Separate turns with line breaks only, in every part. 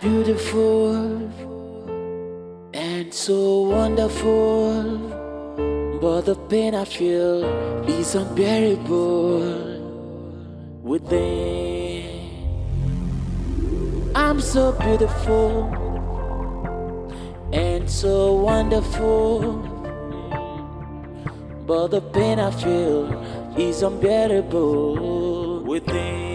beautiful and so wonderful. But the pain I feel is unbearable within. I'm so beautiful and so wonderful. But the pain I feel is unbearable within.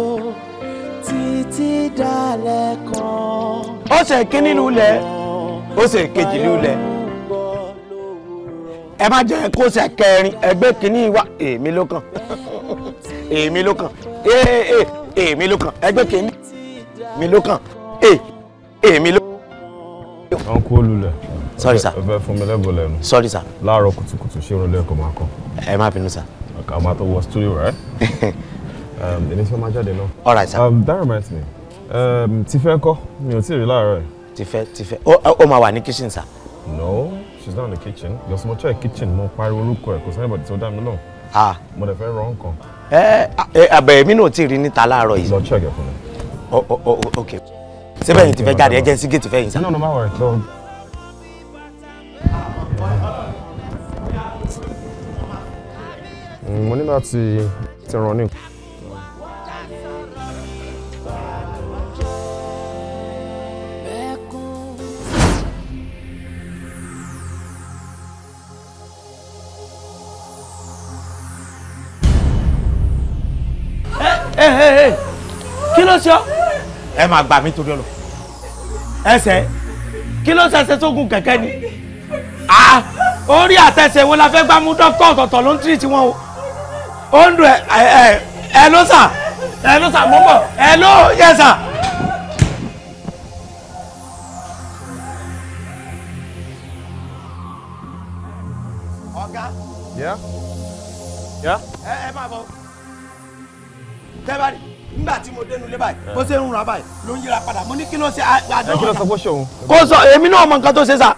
ṣoṣo títí dalẹ̀ kan.
ọ̀sẹ̀ kínní lulẹ̀
ọ̀sẹ̀ kejì lulẹ̀ ẹ má jẹ́ kó ṣe kẹrin ẹgbẹ́ kínní wa èmi ló kàn èmi ló kàn ee èmi ló kàn ẹgbẹ́ kínní mi ló kàn ee èmi ló.
wọn kú olùlẹ̀ sorry sir ẹ fẹ́ fún mi lẹ́bùn lẹ́nu sorry sir láàárọ̀ kùtùkùtù ṣé ìrọ̀lẹ́ ẹ̀kọ́ máa kọ́. ẹ má bínú sir. àmọ́ àtọwọ́ studio rẹ̀. ẹni um, tí wọ́n máa jáde náà. all right sir. Um, that reminds me um, ti fẹ́ kọ́ mi ò tí ì rí láàárọ̀ ẹ̀. ti fẹ́ ti fẹ́ ó
máa wà ní kitchen sir.
no she's not in the kitchen your small child kitchen mo pariwo orúkọ ẹ kò sẹ́ni bọ̀dì tó dá mi náà. mo dẹ̀ fẹ́ rọ nǹkan.
ẹ eh, àbẹ̀rẹ̀ eh, mi náà ti rí níta láàárọ̀ yìí. lọ check ẹ fún mi. ok síbẹ̀ yìí ti fẹ́ jáde ẹ jẹ́ sí gate fẹ́ yìí sá. no no má wọ̀ ẹ̀ lọ.
Mm, mo ní láti ti ràn ní. kí ló ṣe ọ́. ẹ máa gbà mí torí ọlọ. ẹsẹ̀ kí ló ṣẹṣẹ sógun kẹ̀kẹ́ ni ah! Ah, orí àtẹsẹ̀ wo la fẹ́ gbá mú dókítà ọ̀tọ̀ọ̀tọ̀ ló ń tírì tí wọ́n o ó ń dùn ẹ ẹ ẹ ló sà ẹ ló sà mo ń bọ̀
ẹ ló yẹ sà. ọ̀gá. yẹ́ yẹ́.
ẹ ẹ máa bọ̀ tẹ́bárì nígbà tí mo dénú ilé báyìí bó ṣe ń rún abáyé ló ń yíra padà mo ní kí ló ṣe àdó. kí ló sọ
fọ́ṣọ òun. kó sọ èmi náà mọ nǹkan tó ṣe sà.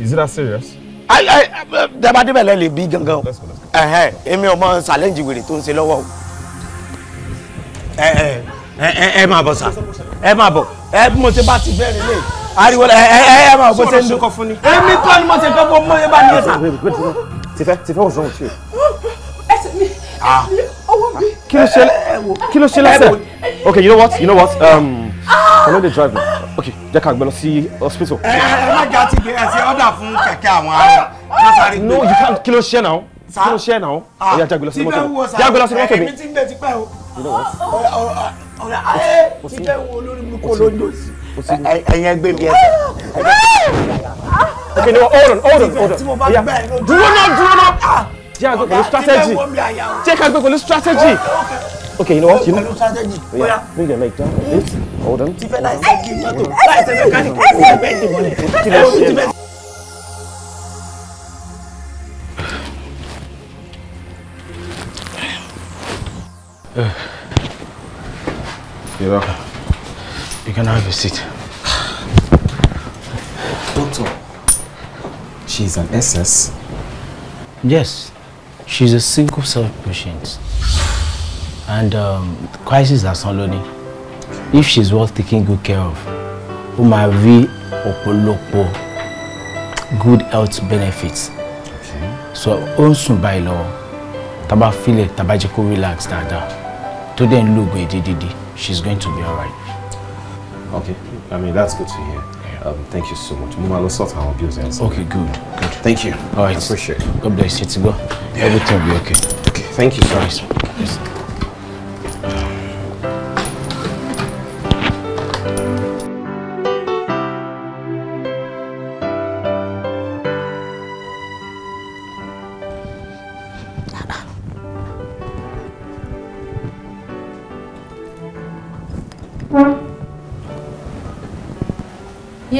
is that serious.
dábàá débẹ̀ lẹ́ lè gangan o èmi ò mọ ṣàlẹ́ǹjì wèrè tó ń ṣe lọ́wọ́ o. ẹ máa bọ̀ sà ẹ máa bọ̀ ẹ mo ṣe bá ti bẹ̀rẹ̀ lé ariwo ẹ ẹ
ẹ máa bọ̀ ṣe ń dúkọ fún ni. ni mo ṣe kọ́ fún mo yẹ bá ní ẹ sà. tìfẹ́ tìfẹ́ what's wrong with you? kí ló ṣe kí ló okay you know what you know what ah! um kọ́lọ́ dey drive now okay jẹ́ ká gbé lọ sí hospital. ẹ ẹ
má jà tí gbé ẹ ọ̀dà fún kẹ̀kẹ́ àwọn ará lásàrí gbé. no you can't
kí ló ṣe now kí ló ṣe now ẹ̀yà ah, jágbe lọ sí mọ́tò mi jágbe lọ sí mọ́tò mi. èmi
ti ń bẹ you
know
what.
Eh, mi kò lójú okay no hold on hold on hold on. dúró náà dúró náà
jẹ́ àgbẹ̀ pẹ̀lú strategy jẹ́ ká gbẹ̀ pẹ̀lú strategy. Okay, you know what? You know. Oh, yeah, bring your leg down. This. Hold on.
You're welcome. You can have a seat.
Doctor, she's an SS. Yes, she's a single self patient and um, crisis asan only if she's worth taking good care of Umavi máa good health benefits so ó ń sùn báyìí taba filẹ̀ taba jẹ́ relax dáadáa tó dẹ̀ ń lògùn èdè dídí she's going to be alright. okay i mean that's good to hear. Um, thank you so much. Mama, let's sort our bills and Okay, good, good. Thank you. All right. I appreciate it. God bless you. Go. Yeah.
Everything will be okay. Okay, thank you, sir. Yes.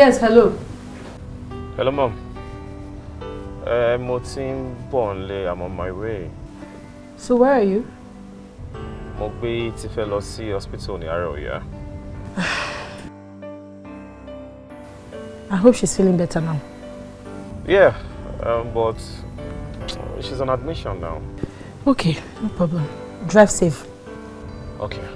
Yes, hello.
Hello, mom. Uh, mo ti I'm on my way.
So where are you?
Mo gbé Tífẹ́ lọ hospital in àárọ̀ I hope she's feeling better now. Yeah, um, but she's on admission now. Okay, no problem. Drive safe. Okay.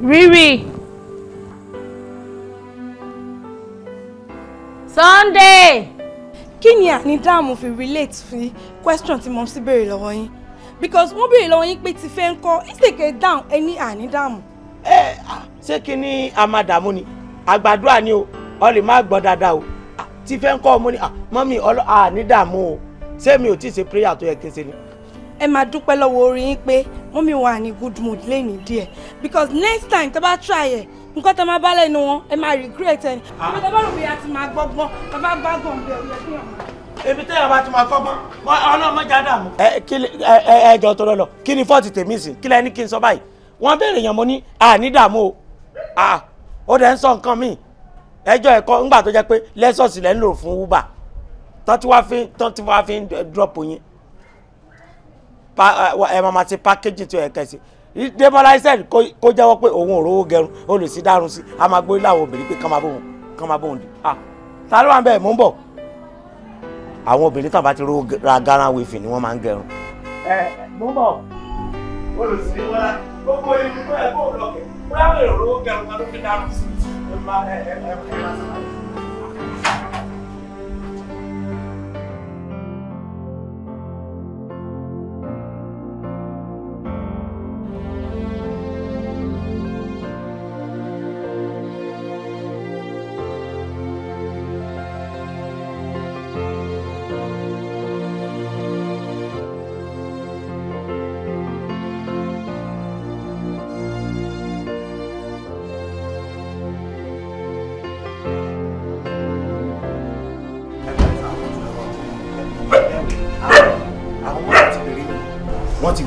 Riri. Sunday. Kini ni àní fi relate fi question tí mo sì béèrè lọ́wọ́ yín? Because wọ́n béèrè lọ́wọ́ yín pé ti fẹ́ ń kọ́ ìsèké dáhùn ẹni àní dáàmú. Ẹ eh,
ah, ṣé kí ni a máa dààmú ni? Àgbàdua o, ọ lè má gbọ́ o. Ah, ti fẹ́ ń kọ́ ọmọ ni, ah àní dààmú o. Ṣé mi ò tí se ṣe prayer tó yẹ kí n ni?
ẹ máa dúpẹ́ lọ́wọ́ orin yín pé mọ́mí wà ní good mood lẹ́ni díẹ̀ because next time tó bá try ẹ̀ nǹkan tó máa bá lẹ́nu wọn ẹ máa regret ẹni. àbí tó bá rò bóyá ti máa gbọ́gbọ́n tó bá gbàgbọ́n bẹ́ẹ̀ ó yẹ kí ọ̀hún. ebi tẹ́ ẹ̀ bá ti máa kọ́gbọ́n ọlọ́mọdé àdàmú.
ẹ kí ẹ ẹ jọ tó lọ lọ kí ni fọ́ọ̀tì tèmi sí kí lẹ́ni kí n sọ báyìí wọ́n béèrè yàn mo ní àní dààmú o ó dẹ̀ ń sọ nǹkan míì ẹjọ́ ẹ̀kọ́ ńgbà tó jẹ́ pé lẹ́sọ̀sì lẹ́ ń lò fún uber tó wá fi tó wá fi ń drop yín
Eh, eh, mama ti pákéjì tó yẹ kẹsì Débọ́lá isẹ́ni kó jẹ́wọ́ pé òun ò rówó gẹrun ó lè sí dárun a máa gbóyè láwọn obìnrin pé kán máa bóun kán máa bóun dì ah ta ló wà bẹ́ẹ̀ mò ń bọ̀ àwọn obìnrin tàbá ti rówó ra garan wefin ni wọ́n máa ń gẹrun. ẹ eh, mò ń bọ̀ olùsí wọn gbogbo ibi tó ẹ bóun lọkẹ bóyá èrò rówó gẹrun kan ló fi dárun sí ẹ máa ẹ ẹ ẹ máa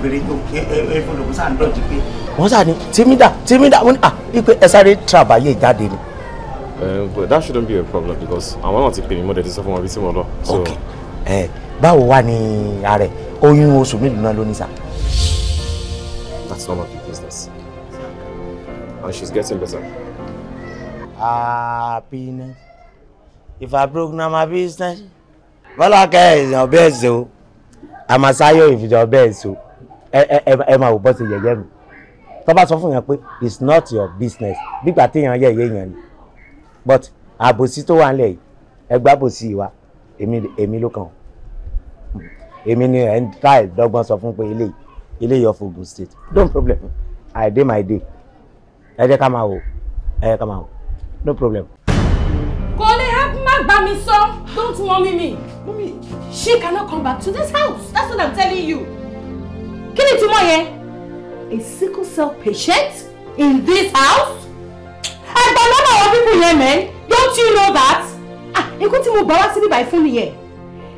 bèrè ẹfọlọkùn sáà ń dọ̀jú pé.
wọ́n sà ní tìmídà
tìmídà wọ́n ní à ah, ipe ẹ sáré tìrabàyè jáde ni.
Eh, but that shouldn't be a problem because àwọn náà ti pè mí mọ́ dẹ̀dí sọ fún wọn bí tí mo lọ. ok
ẹ báwo wà ní ààrẹ oyún oṣù mélòó náà ló ní sà.
that's normal business and she's getting better.
happiness if i broke na my business. bọ́lá kẹ́ ẹ̀ ẹ̀ ọ̀bẹ́ ẹ̀ so àmàsáyọ̀ ìfìjọ́ bẹ́ẹ̀ so ẹ máa wò bọ́ ṣe yẹ̀yẹ́ mi tó bá sọ fún yẹn pé it's not your business gbígbà téèyàn yẹ̀yẹ́ yẹn ni but àbòsí tó wà ń lẹ̀ yìí ẹgbẹ́ àbòsí wa èmi ló kàn èmi ni ẹ̀ ń ta ìdọ́gbọ́n sọ fún pé eléyìí eléyìí of Ogun State no problem I dey my day ẹ jẹ́ ká máa wò ẹ jẹ́ ká máa wò no problem.
kò lè help
má gbà mí sọ don't worry me mummy she cannot come back to this house that's what I'm telling you kí ni ìtumọ̀ yẹn a sickle cell patient in this house àgbà lọ́nà àwọn pípù yẹn mẹ́ don't you know that ah ikú tí mo bá wá sí bíbáyìí fún nìyẹn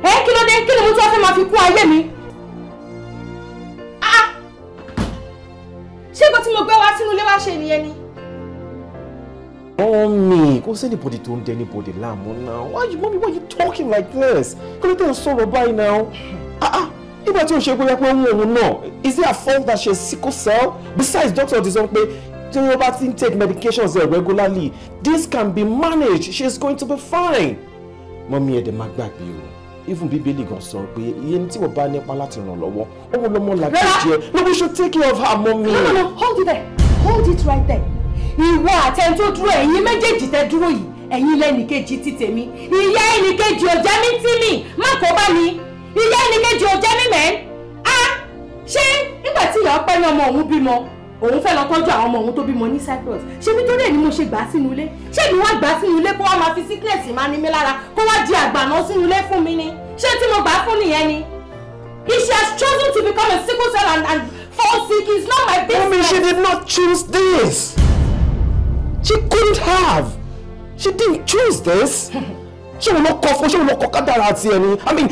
ẹ kí ló dé kí ni mo tún wá fẹ́ máa fi kún ayé mi ah, ah ṣé nǹkan tí mo gbé wá sínú ilé wá ṣe nìyẹn ni. Mommy, kò sí anybody tó ń dẹ anybody láàmú now. Why you, mommy, why you talking like this? Kí ló dé ń sọ̀rọ̀ báyìí now? Ah ah nígbà tí ó ṣe kóyá pé òun òun náà is there a fault that she's sickle cell besides doctor ti sọ pé tí wọ́n bá ti ń take medications there regularly this can be managed she is going to be fine. mọ́mí ẹ̀dẹ̀ má gbàgbé o even bíbélì gan sọ pé iye tí wọ́n bá nípa láti ràn lọ́wọ́ owó lọ́mọ làgbèjì ẹ no we should take care of her mọ́mí. no no no hold it there hold it right there ìwọ àtẹni tó dúró ẹ̀yin méjèèjì tẹ dúró yìí ẹ̀yin lẹ́nìkejì ti tèmi ìyá ẹnìkejì ọ̀jẹ̀ mi tí mi má kó bá mi ìyá ẹni kejì ò jẹ́ mímẹ́ á ṣé nígbà tí ìyá ọpẹ́ ní ọmọ òun bímọ òun fẹ́ lọ tọ́jú àwọn ọmọ òun tó bímọ ní Cyprus ṣé nítorí ẹ̀ ni mo ṣe gbà sínú ilé ṣé mi wá gbà sínú ilé kó wá máa fi sickness máa ní mi lára kó wá di àgbàná sínú ilé fún mi ni ṣé tí mo gbà fún nìyẹn ni if she has chosen to become a sickle cell and, and fall sick it's not my business. Mummy, she did
not choose this.
She couldn't have. She didn't choose this. Ṣé wọn lọ kọ fún ṣé wọn lọ kọ kádàrá àti ẹni? I mean,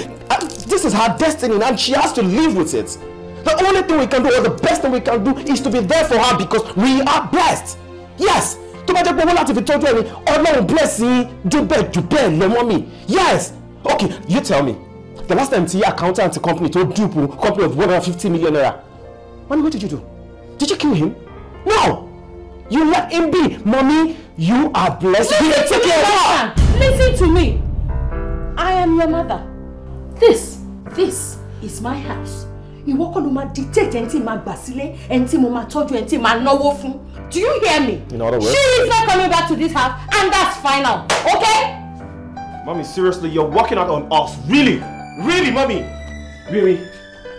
This is her destiny and she has to live with it. The only thing we can do or the best thing we can do is to be there for her because we are blessed. Yes, tó bá jẹ́ pé owó láti fi tọ́jú ẹni ọlọ́run bless yín jù bẹ́ẹ̀ jù mi. Yes, okay, you tell me the last time ti accountant company tó dupe company of one hundred fifty million naira. Mami, what did you do? Did you kill him? No!
You let him be. Mommy, you are
blessed. Listen, Here, take care of her. Listen to me. I am your mother. This this is my house ìwọ kọ́ ló máa dictate ẹni tí màá gbà sílé ẹni tí mo máa tọ́jú ẹni tí màá náwó fún do you hear me
In other words, she is not
coming back to this house and that's final okay. Mommy, seriously, you're walking out on us. Really? Really, Mommy? Really?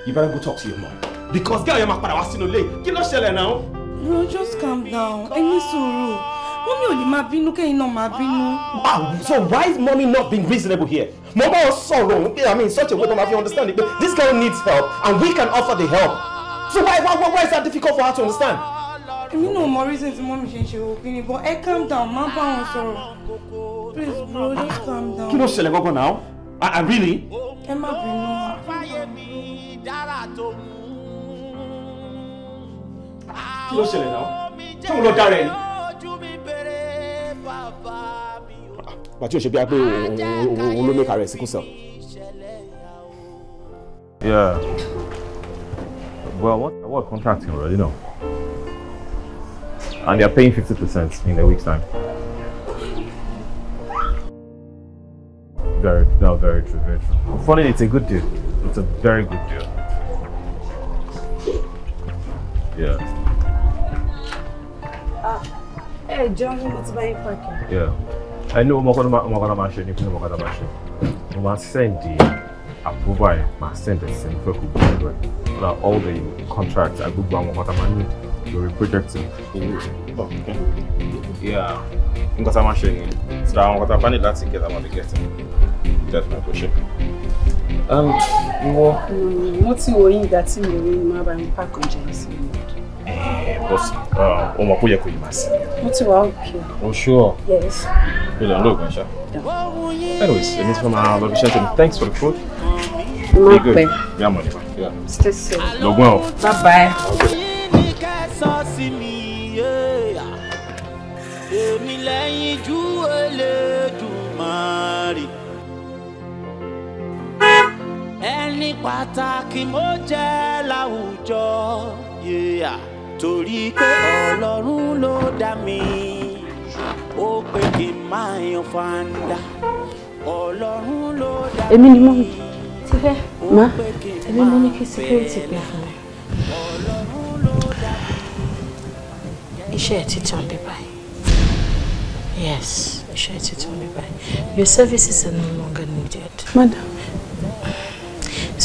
You better go talk to your mom. Because girl, you're my father, I was in late. Kí ló ṣẹlẹ̀ now.
Bro, just calm down. Ẹ ní sùúrù. Mommy ò lè máa bínú kéyìn náà máa bínú. so why is mommy
not being reasonable here? Mo bá wọn sọ̀rọ̀ I mean in such a way tó máa fi understand pé this girl needs help and we can offer the help. So why why why is that difficult for her to understand?
Èmi náà mọ reason tí mommy ṣe ń ṣe òpin but ẹ calm down má bá wọn sọ̀rọ̀. Please bro just calm down. Kí ló ṣẹlẹ̀
gbọ́gbọ́n now? I, I really.
Ẹ má bínú. Fáyé mi
dára tó mú. Kí ló ṣẹlẹ̀ náà? Tó lọ dára ẹni. pàtí òṣèbí á pé òun ló rẹ̀ síkú Yeah. Well, what what contract already now? And they are paying 50% in a week's time.
Very, no, very true, very true. Funny, it's a good deal. It's a very good deal. Yeah.
Ah, hey, John, what's my parking?
Yeah. I know ọmọ kọ́nà ọmọ kọ́nà máa ṣe ní kí ọmọ kọ́nà máa ṣe mo máa send the approval ẹ̀ máa send ẹ̀ send fẹ́ kó gbogbo all the contracts agbègbè àwọn ọmọ kọ́nà máa ní lórí project owó nǹkan tá a máa se ni tí àwọn nǹkan tá a bá ní láti get àwọn àbíkẹ́
tí definitely kò ṣe.
wọ́n. mo ti wòye ìgbà tí mo rí ni màá bá mi pàkó jẹ́ sí because uh, o sure. yes. anyways èmi ti fẹ́ máa lọ for the food. mo pẹ́. bí a mọ̀ nípa stay safe. bye bye. ẹni pàtàkì mo jẹ́ láwùjọ yéèyà. Yeah torí pé ọlọ́run ló dá mi ó pé kí n máa yan fanda ọlọ́run ló dá mi. èmi ni mo ti fẹ́ ma èmi mo ní kí security pè fún mi. iṣẹ́ ẹ̀ ti tàn bí báyìí yes iṣẹ́ ẹ̀ ti tàn bí báyìí your services are no longer needed. madam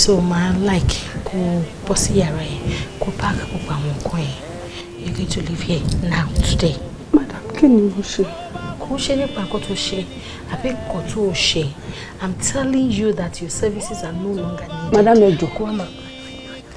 so máa like kó bọ́ sí yàrá yẹn kó páàkì gbogbo àwọn nǹkan yẹn you need to leave here now today. madam kí ni mo ṣe. kò ń ṣe nípa nǹkan tó ṣe àbí nǹkan tó o ṣe i'm telling you that your services are no longer needed. madam ẹ jọ̀ọ́ kó wá máa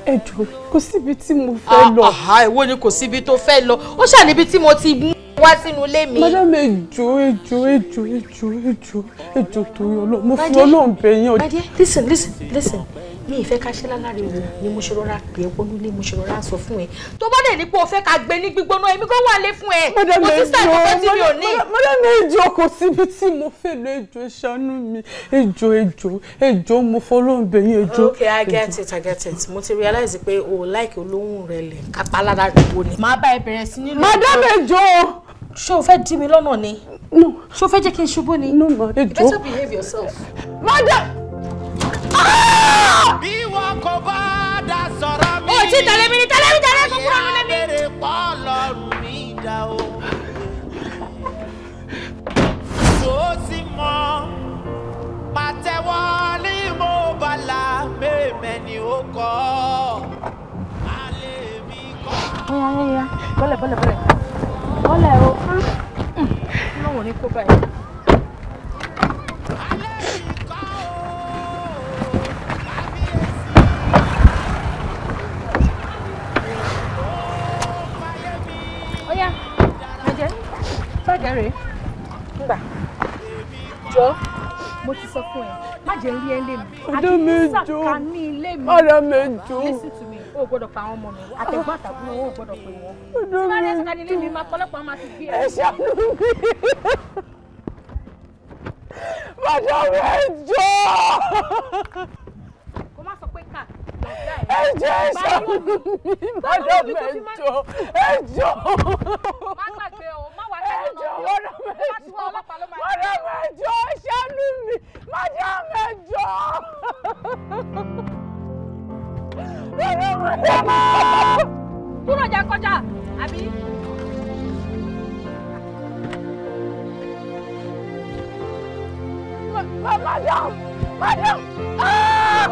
ẹ jọ̀ọ́ kò síbi tí mo fẹ́ lọ.
àhà ah, ah, ìwọ ni kò síbi tó fẹ́ lọ ó ṣàníbi tí mo ti mú wá sínú ilé mi. madam
ejo ejo ejo ejo ejo ejo torí Ọlọ́run mo fi Ọlọ́run bẹ̀ yín. my
dear listen listen listen mi ìfẹ́ ká ṣe lálàriwo ni mo ṣe rọra pè é wọnú ilé mo ṣe rọra sọ fún ẹ
tó bá dẹ̀ ní pé o fẹ́
ká gbé ní gbígbóná èmi kò wà lé fún
ẹ mo ti sàjọ fẹ́ tí mi ò ní. mọ́dà mi ìjọ kò síbi tí mo fẹ́ lọ ìjọ ṣàánú mi ìjọ ìjọ ìjọ mo fọlọ́ọ̀bẹ yín ìjọ. ok i get it i get it mo
ti realize pé o like olóhùn rẹ lẹ kápá lára rẹ wo ni. màá bá ẹ bẹ̀rẹ̀ sí nílò. mọ́dà mi ìjọ ṣé o fẹ́ dí mi lọ́nà ni? no ṣé o fẹ́ jẹ́ kí n ṣubú ni? no ma ẹ you better behave yourself. madam bí wọn kò bá dá sọ̀rọ̀ mi. o ti tẹ̀lé mi ni bọ́lẹ̀ bọ́lẹ̀ bọ́lẹ̀ bọ́lẹ̀ o. Hmm, hmm. lọ́wọ́ ní kó báyìí.
bàgẹ́ rèé gbà jọ mo ti sọ fún ẹ má jẹ́ rí ẹ lé mi ọdọ mẹ́jọ ọdọ mẹ́jọ
o gbọ́dọ̀ pa àwọn ọmọ mi àtẹ̀gbọ́n àtàbúrò wọn ò gbọ́dọ̀ pè wọn ọdọ mẹ́jọ tí wọn lè sọ kánilé mi máa pọ̀lọpọ̀ máa ti bí ẹ. ẹ ṣàánú mi bàtà mẹ́jọ.
kó má sọ pé ká
ẹ jẹ́ ìṣàánú mi bàtà mẹ́jọ ẹ jọ. má
gbàgbé o. mẹ́jọ ọ̀rọ̀ mẹ́jọ ọ̀rọ̀ mẹ́jọ
ṣẹ́nu mi mọ́jọ́ mẹ́jọ. ọ̀rọ̀ mẹ́jọ. kúrò jà kọjá àbí. Madam! Madam! Ah!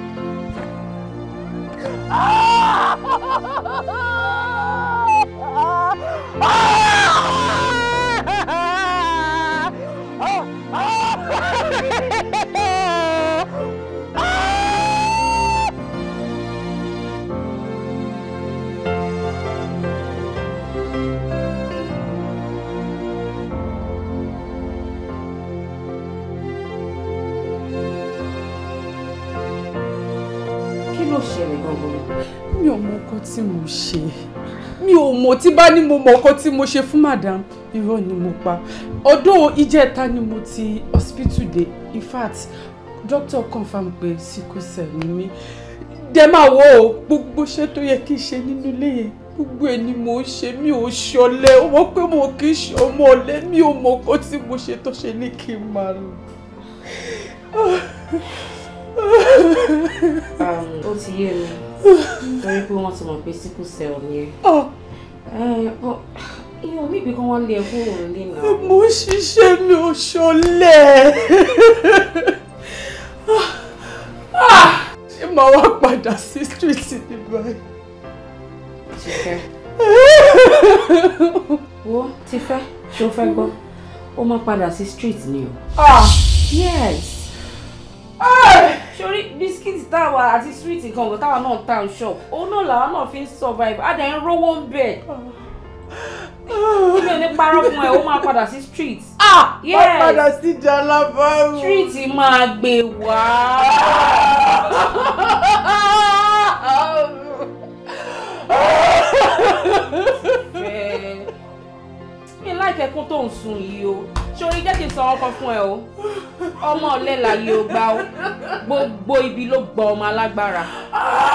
아!
ló ṣẹlẹ̀ gangan? Mi ò mọ ọkọ tí mo ṣe. Mi ò mọ̀ tí bá ní mo mọ ọkọ tí mo ṣe fún madam. Irọ́ ni mo pa. Ọdọ́ ìjẹta ni mo ti hospital de. In fact,
doctor confirm pé sickle cell ni mí. Dẹ máa wo o, gbogbo
iṣẹ́ tó yẹ kí n ṣe nínú ilé yẹn. Gbogbo ẹ̀ ni mo ṣe, mi ò ṣọ̀lẹ. Ó mọ̀ pé mo kì í ṣe ọmọ ọ̀lẹ. Mi ò mọ ọkọ tí mo ṣe tó ṣe ní kí n máa lọ.
Um, ó ti yé mi
torí pé wọ́n ti mọ̀ pé síkù sẹ̀ ọ̀ ni ẹ
ah. eh, ìyàn mi ìbí kan wọ́n
lé ẹ kúrò nílé náà. mo ṣiṣẹ́ mi ò ṣọlẹ̀ ṣé màá wá padà sí street ní báyìí.
ti
fẹ́ wo ti fẹ́ ṣó fẹ́ gbọ́ ó máa padà sí street ni o. Ah. yes
sori bisikíìtì táwa àti súwìtì kankan táwa náà tà shop. ṣọ òun náà làwa náà fi ń survive adà ń rówó ń bẹ̀ ilé ní
parọ́ fún ẹ ó
máa padà sí street. ah yes padà sí jalabaru. street máa gbé wá. mi láìpẹ́ kún tó ń sun yìí o sori jẹ́ kí n sọ ọkọ fún ẹ o ọmọ ọ̀lẹ́ láyé o gbá o gbogbo ibi ló gba ọmọ alágbára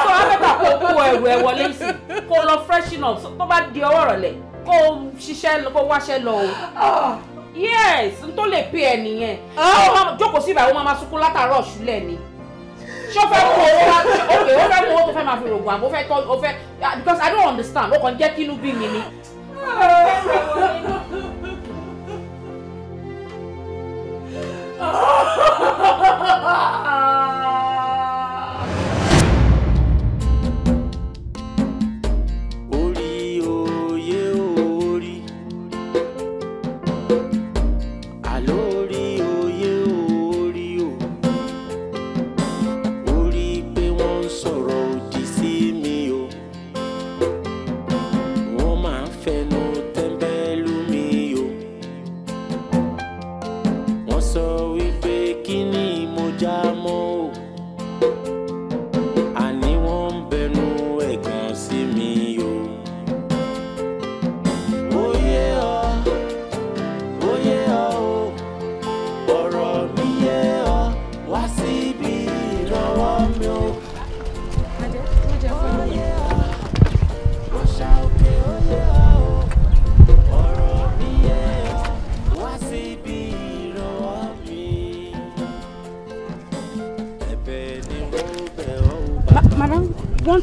tó wá fẹ́ta kó kó ẹrù ẹ wọlé sí kó lọ freshen up tó bá di ọwọ́ rọ̀lẹ́ kó ṣiṣẹ́ kó wáṣẹ́ lọ o yes n tó lè pè ẹ nìyẹn ah. jókòó sí ìbàwọ́ máa ma sunkún látàárọ̀ ṣúlẹ̀ ni ṣó fẹ́ mú owó ok ó fẹ́ mú owó tó fẹ́ máa fi rògbò àbó fẹ́ tọ́ ó fẹ́ ah, because i don't understand ó kàn jẹ́ kínú bí mi ni.
Ah. Oh!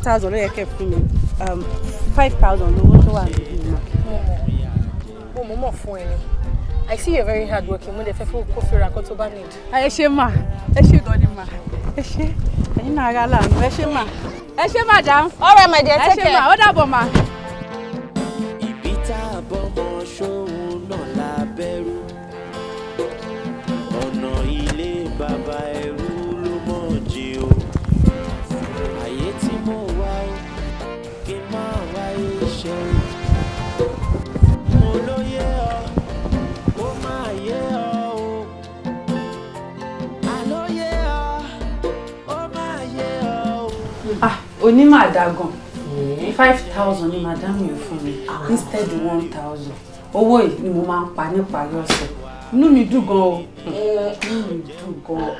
thousand ló yẹ fún mi um, five thousand lówó tó wà níbí mọ́. mo mọ̀ fún ẹ I see you're very hard working mo dẹ̀ fẹ́ fún kó fira kó tó bá need. ẹ ṣe mà ẹ ṣe gan ni mà ẹ ṣe ẹ̀yin náà ara làánú ẹ ṣe mà ẹ ṣe madam. all right
my dear take care ẹ ṣe mà ó dàbọ̀ mà.
ní màá gan mm-hmm.
five thousand ni madam yẹn fún mi ah. instead one thousand owó yìí ni mo máa ń pa níparí ọ̀sẹ̀ inú mi dùn gan o inú mi dùn gan.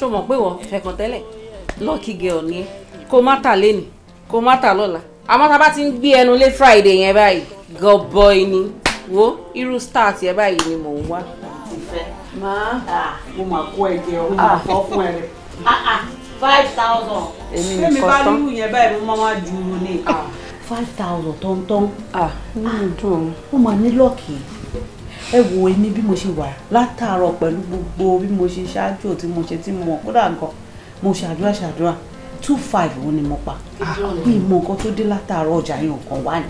ṣó mọ̀ pé wọ́n fẹ̀kàn tẹ́lẹ̀ lucky girl ni kó má tà lẹ́nu kó má tà lọ́la àmọ́ tá bá ti ń gbé ẹnu lé friday yẹn báyìí gọbọi ni
wo irú star tiẹ̀ báyìí ni mò ń wá. máa mo máa kó ẹ̀jẹ̀ o mo máa fọ́ fún ẹ rẹ̀.
Ah, ah five thousand. èmi nìkan tán èmi bá nínú yẹn báyìí mo máa ju oorun ni. Ah. Ah.
five thousand tọ́ntọ́n. Ah, ah. dùn ó máa ní
lọ́ọ̀kì ẹ wo èmi bí mo ṣe wà látàárọ̀ pẹ̀lú gbogbo bí mo ṣe ṣáájú tí mo ṣe tí mo mọ̀ kódà gan mo ṣàdúrà ṣàdúrà two five òun ni mo pa bí ìmọ̀
nǹkan tó dé látàárọ̀ ọjà yẹn nǹkan wà ní.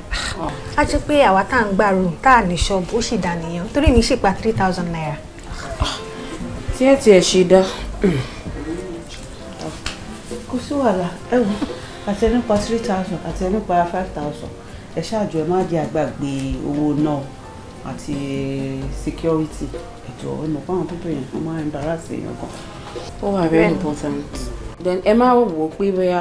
a jẹ́ pé àwa tá à ń gbà room tá à ní ṣọ́ọ̀bù ó sì dà nìyẹn torí mi ṣèpa three thousand naira. tí ẹ tiẹ̀ ṣe dá
kò sí wàhálà ẹ wò three thousand àti ẹni pa five thousand ẹ ṣáàjọ ẹ má jẹ àgbàgbé owó náà àti security ẹjọ ẹ mọ fáwọn pípẹ yẹn wọn máa ń bára sí èèyàn kan. ó wà very important then ẹ má wò ó pé bóyá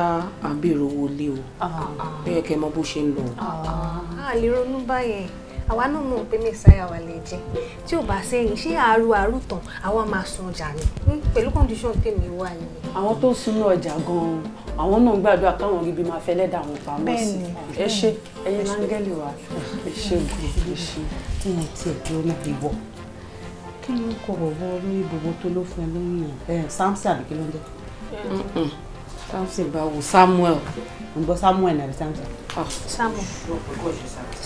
àbí ìrówó lé o ah. bóyá kẹ mọ bó ṣe ń lọ. Ah. a lè ronú báyẹn àwa náà mọ̀ pé mẹ́sàáyà wà lè jẹ́ tí ò bá sẹ́yìn ṣé àárò àárò tán àwa máa sun ọjà ni hmm,
pẹ̀lú condition tèmi wà ni.
àwọn tó ń sunú ọjà gan-an àwọn náà ń gbàdúrà káwọn ríbi máa fẹ́ lẹ́dà àwọn pamọ́ sí ẹ ṣe ẹyin áńgẹ́lì wa ẹ ṣe gùn ẹ ṣe. kí ni tí ẹ dúró níbi ìwọ kí ni kò bọ̀bọ̀ lórí bọ̀bọ̀ tó ló fún ẹ lóyún ẹ samson àbí kí ló ń jẹ. samson báwo samuel. ǹgbọ́ samuel nàbí samson.
samuel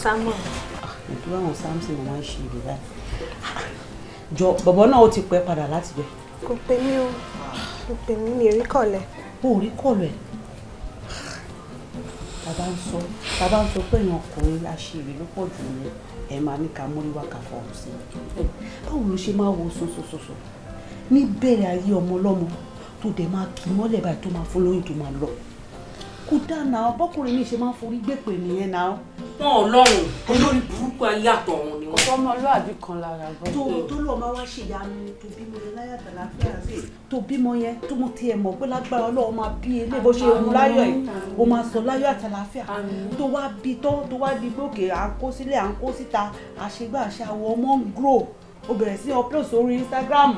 samuel
ìdúró àwọn samson wọn ń ṣe ìrora jọ bọ̀bọ̀ náà ó ti pẹ́ padà láti bẹ̀.
kò pè mí o kò pè mí mi rí kọ̀lẹ̀.
o rí kọ̀lẹ̀ bàbá ń sọ bàbá ń sọ pé èèyàn ọkùnrin láṣìírí ló pọ̀ jù ní ẹ máa ní ká mórí wá ká fọwọ́ sí i báwo ló ṣe máa wo sosososo
níbẹ̀rẹ̀ ayé
ọmọ ọlọ́mọ tó dẹ̀ máa kì í mọ́lẹ̀ báyìí tó máa fún lóyún tó máa lọ kódà náà bọ́kùnrin mi ṣe máa ń forí gbèpè nìyẹn náà. wọn ò lọrùn olórí burúkú ayé wọn ni wọn. ọmọlúwàbí kan lára bọ́. tó tó
lọ máa wá ṣe ìyanu tó bímọ yẹn láyà tàlà fíàsì
tó bímọ yẹn tó mo tiẹ̀ mọ̀ pé lágbára ọlọ́run máa bí ilé bó ṣe wù láyọ̀ ẹ̀ o máa sọ láyọ̀ àtàlàfíà tó wá bí tán tó wá di gbòkè à ń kó sílé à ń kó síta grow o bẹ̀rẹ̀ sí upload Instagram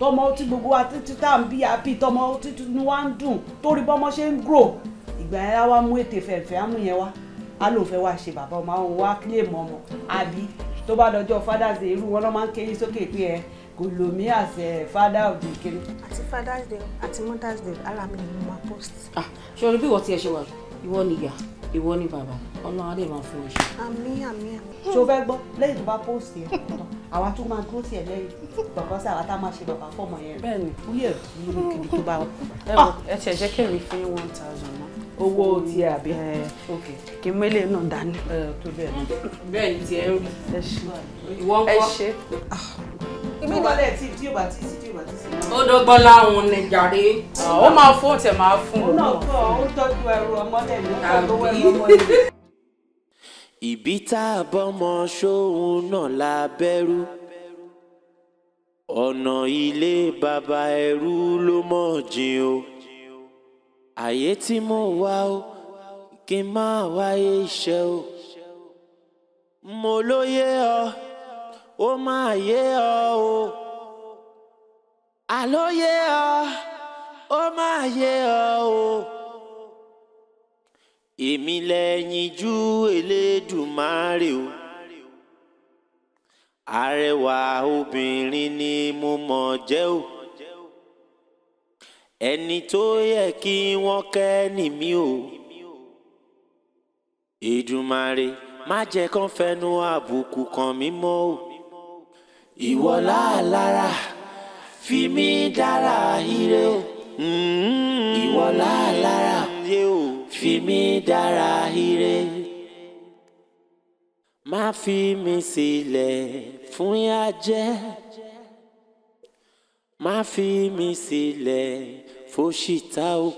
tọmọ tí gbogbo wa títí tá à ń bí àbí tọmọ títí ni wá ń dùn torí bọ́mọ ṣe ń grow ìgbà yẹn wá mú ètè fẹ̀fẹ̀ á mú yẹn wá á lòun fẹ́ wá ṣe bàbá ọmọ àwọn wá kílè mọ́ ọmọ àbí tó bá dọjọ́ father's day irú wọn náà máa ń kéyìn sókè pé ẹ kò lò mí àṣẹ father of the kiri. àti father's day àti mother's day ni mo máa post. Ah, ṣòro bí ìwọ tiẹ̀ ṣe wà ìwọ nìyà ìwọ ni bàbá ọlọ́run á máa fún iṣẹ́. àmín àmín àmín. ṣé o fẹ́ gbọ́ lẹ́yìn tó bá póòsì ẹ̀ tán àwa tó máa dúró tiẹ̀ lẹ́yìn gbọ̀ngàn sí àwa tá a máa ṣe bàbá fọ́ọ̀mù yẹn. bẹ́ẹ̀ni ó yẹ kí ni kí ni tó bá wà. ẹ ṣe jẹ́ kẹ́rin fún one thousand náà owó ti àbí eh, kí mélé náà dání. Eh, bẹ́ẹ̀ ni tiẹ̀ rí ìwọ ń kọ́. ibi ìdọ́lẹ̀ tí tí o bá ti sí tí o bá ti sí. ó dọ́gbọ́n láwọn ní jàre. Ah, ó máa fún tẹ̀ máa fún. ó náà kọ́
ó tọ́jú ẹrù
ọmọdé mi kọ́ lówó ẹrù ọmọdé. ìbí tá a bọ́mọ ṣóhun náà la bẹ̀rù ọ̀nà ilé bàbá ẹrú ló mọ̀ jìn o àyè tí mo wà ó kí n máa wáyé iṣẹ́ o mo lóye ọ ó máa yé ọ o àlóye ọ ó máa yé ọ o èmi lẹ́yìn jú Elédùmarè o arẹwà obìnrin ni mo mọ̀ jẹ́ o ẹni tó yẹ kí wọ́n kẹ́ ni mí o Èdùmàrè má jẹ́ kán fẹnu àbùkù kàn mí mọ́ o ìwọ láàlára fi mí dára ire o mm-hmm. ìwọ láàlára fi mí dára ire má fi mí sílẹ̀ fún yà jẹ́ má fi mí sílẹ̀ fòṣìta o.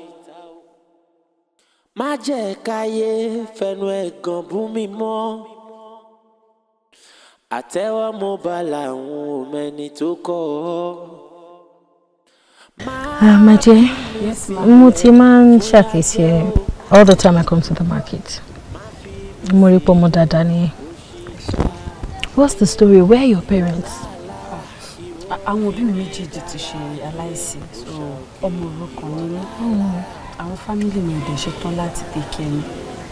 má jẹ́ káyé fẹnu ẹ̀gàn bú mi mọ́ àtẹ́wọ́ mo bá làwọn òmẹ́ni tó kọ́ ọ. Ah, Àmàjẹ́, mo ti máa ń ṣàkíyèsí ẹ all the time I come to the market. Mo rí pọ́nmọ́ dáadáa nìyẹn. What's the story? Where are your parents? àwọn òbí mi méjèèjì ti ṣe aláìsí so ọmọ òrukàn ni mí àwọn fámìlì mi ò dẹ̀ ṣetán láti tẹ̀kẹ́ mi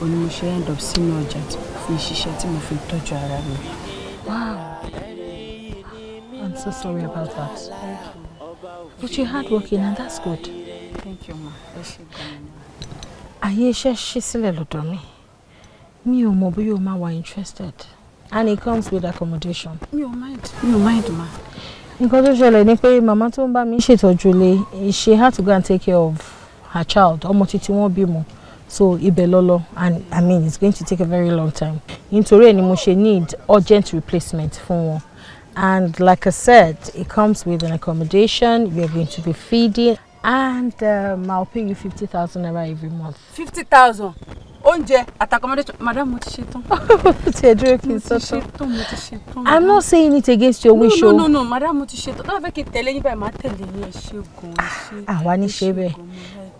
òní end up sínú ọjà fún ìṣiṣẹ́ tí mo fi tọ́jú ara mi. wow i'm so sorry about that but you're hardworking and that's good.
thank you ma ẹ ṣe gan-an.
ayé iṣẹ́ ṣí sílẹ̀ lọ́dọ̀ mi mi ò mọ̀ bóyá o máa wà interested and it comes with accommodation. mi ò mind mi ò mind ma nǹkan tó ṣẹlẹ̀ ni pé màmá tó ń bá mi ṣètọ́jú lé she had to go and take care of her child ọmọ títí wọ́n bímọ so ibẹ̀ lọ́lọ́ and i mean it's going to take a very long time nítorí ẹ̀ ni mo ṣe need urgent replacement fún wọn and like i said it comes with an accommodation you are going to be feeding and um, i'll pay you fifty thousand naira every month. fifty thousand oúnjẹ àti accommodation madam mo ti ṣe tán. ti ẹ dúró kí n sọ mo ti ṣe mo ti ṣe i'm not saying it against your wish o. no no no madam mo ti ṣe tán tó bá fẹ́ kí n tẹ̀lé yín báyìí máa tẹ̀lé yín ẹ ṣe gan ẹ ṣe. àwa ní ṣe bẹ́ẹ̀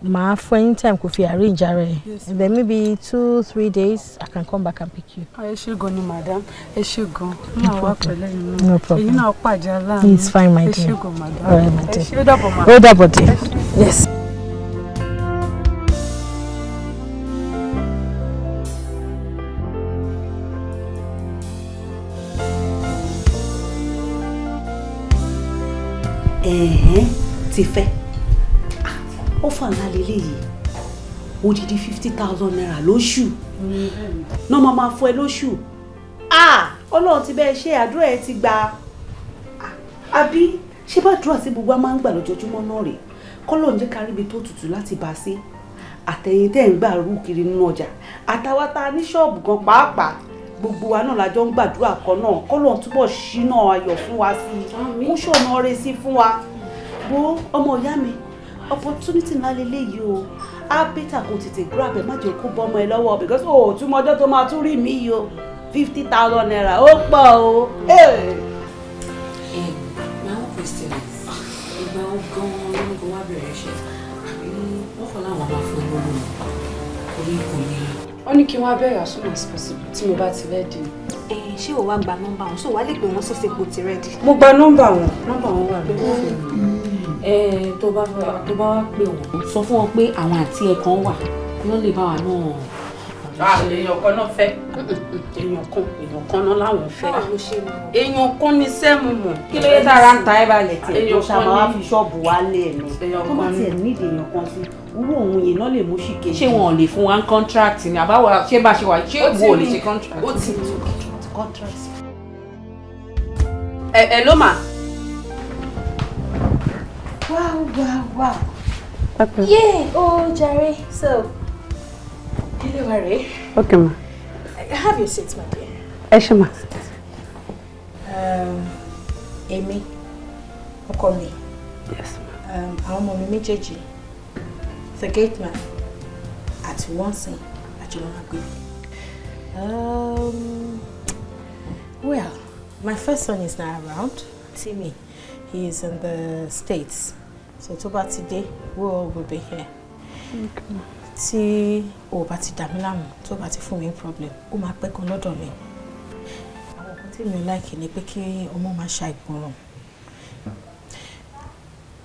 màá fún ẹni time kò fi arrange ara ẹ ẹbẹ maybe two three days i can come back and pick you.
Ah, ẹ ṣe gan ni madam ẹ ṣe gan máa wá pẹ̀lú ẹ̀yin náà ẹ̀yin náà pàjá láàmú it's fine my dear ẹ ṣe gan madam ẹ ṣe ó dàbọ̀ ma. ó dàbọ̀ dé
yes. ti fẹ́ ó ah, fà ńlá lélẹ́yìí odidi fifty thousand naira lóṣù náà máa máa fọ ẹ lóṣù ah, ọlọ́run ti bẹ́ẹ̀ ṣe àdúrà ẹ ti gba ah, àbí ṣé bá àdúrà sí gbogbo a máa ń gbà lójoojúmọ́ náà rè kọ́lọ̀ ń jẹ́ ká ríbi tó tutù láti bá sí àtẹ̀yìn tẹ̀ ń gbà rú kiri nínú ọjà àtàwa ta ní ṣọ́ọ̀bù gan pàápàá gbogbo wa náà lájọ ń gbàdúrà kan náà kọ́lọ̀ túbọ̀ ṣínà ayọ̀ fún wa sí i mú ṣọ̀nà ọrẹ sí fún wa wo ọmọ ìyá mi opportunity ńlá leléyìí o á bẹ́tà kó tètè grab ẹ̀ má jẹ́ kó bọ́ ọmọ ẹ lọ́wọ́ because o ò túmọ̀ ọjọ́ tó máa tún rí mi yìí o fifty thousand naira ó pọ̀ o. my own question is ìgbà ó gan-an
ló ń gan wá bẹ̀rẹ̀ iṣẹ́ àbí wọ́n kọ́ láwọn máa fún gbogbo orí kò ní.
wọ́n ní kí wọ́n á bẹ̀rẹ̀ as soon as possible tí mo bá ti lẹ́dìí. Eh, ṣé o wá gba nọ́mbà wọn ṣé o wá lè pè wọ́n sí ipò tirẹ̀ di.
mo gba nọ́mbà wọn
nọ́mbà wọn wà lórí fóònù eh, tó bá tó bá wá pè wọ́n. sọ fún wọn pé àwọn àti ẹ̀kan wà ló lè bá wa náà. Ah, èèyàn kan náà fẹ́ èèyàn kan èèyàn kan náà láwọn fẹ́ èèyàn kan ní sẹ́mu mọ̀. kí ló yẹ tára ń ta ẹ balẹ̀ tiẹ̀ tó ṣàmà wá fi ṣọ́ọ̀bù wá lé ẹ̀ náà tó yìí náà lè mú ṣìkejì. ṣé wọn ò lè fún wa ń contract ni àbáwọ ṣé bá ṣe wà ṣé wo ò lè ṣe contract. ó ti ní contract. Ẹ eh, ẹ eh, Wow wow wow.
Okay. Yay!
Oh Jerry. So, don't
worry. Okay ma. Have your seat my dear. Ẹ ṣé ma. Um, Èmi, ọkọ mi. Yes ma. Our
um, ọmọ mi méjèèjì. The gate man àti wọ́n sìn àjọyọ̀ máa gbé. Um, Well, my first son is not around, Timmy. He is in the States. So tó bá ti we all will be here. See, Tí o bá ti dà mí láàmú, tó bá ti fún mi problem, ó máa pẹ́ kan lọ́dọ̀ mi. Àwọn kan tí mi ò láìkì ni pé kí you máa ṣàìgbọràn.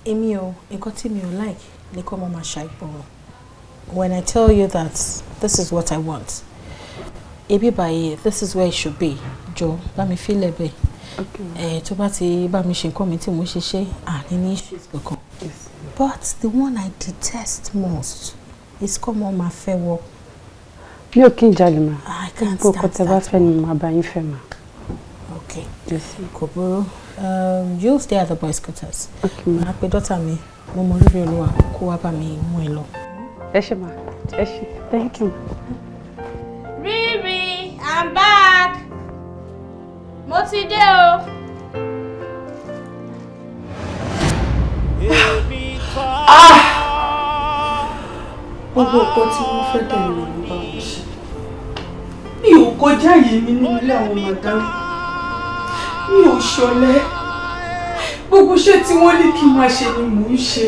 you o, nǹkan tí mi ò láìkì ni When I tell you that this is what I want, ebi báyìí this is where it should be jọ bá mi fílẹ̀ bẹ́ẹ̀ ẹ tó bá ti bá mi ṣe nǹkan mi tí mo ṣe ṣe àní ní issues kankan but the one i detest most is kọ́ mọ́ máa fẹ́ wọ. mi ò kí n jalè mà kó kọ́ tẹ bá fẹ́ ni mà bá yín fẹ́ mà. okay kò burú um, you stay at the boys quarters màá pe dọ́tà mi mo mọ lórí olúwa kó wá bá mi mú ẹ lọ. ẹ ṣe mà ẹ ṣe thank you.
mo ti dé o.
Ah! gbogbo nǹkan tí wọ́n fẹ́ tẹ̀lé ló bá wọn
ṣe mi ò kọjá yìí mi nínú ilé àwọn màdám mi ò ṣọ̀lẹ gbogbo iṣẹ́ tí wọ́n ní kí n máa ṣe ni mò ń ṣe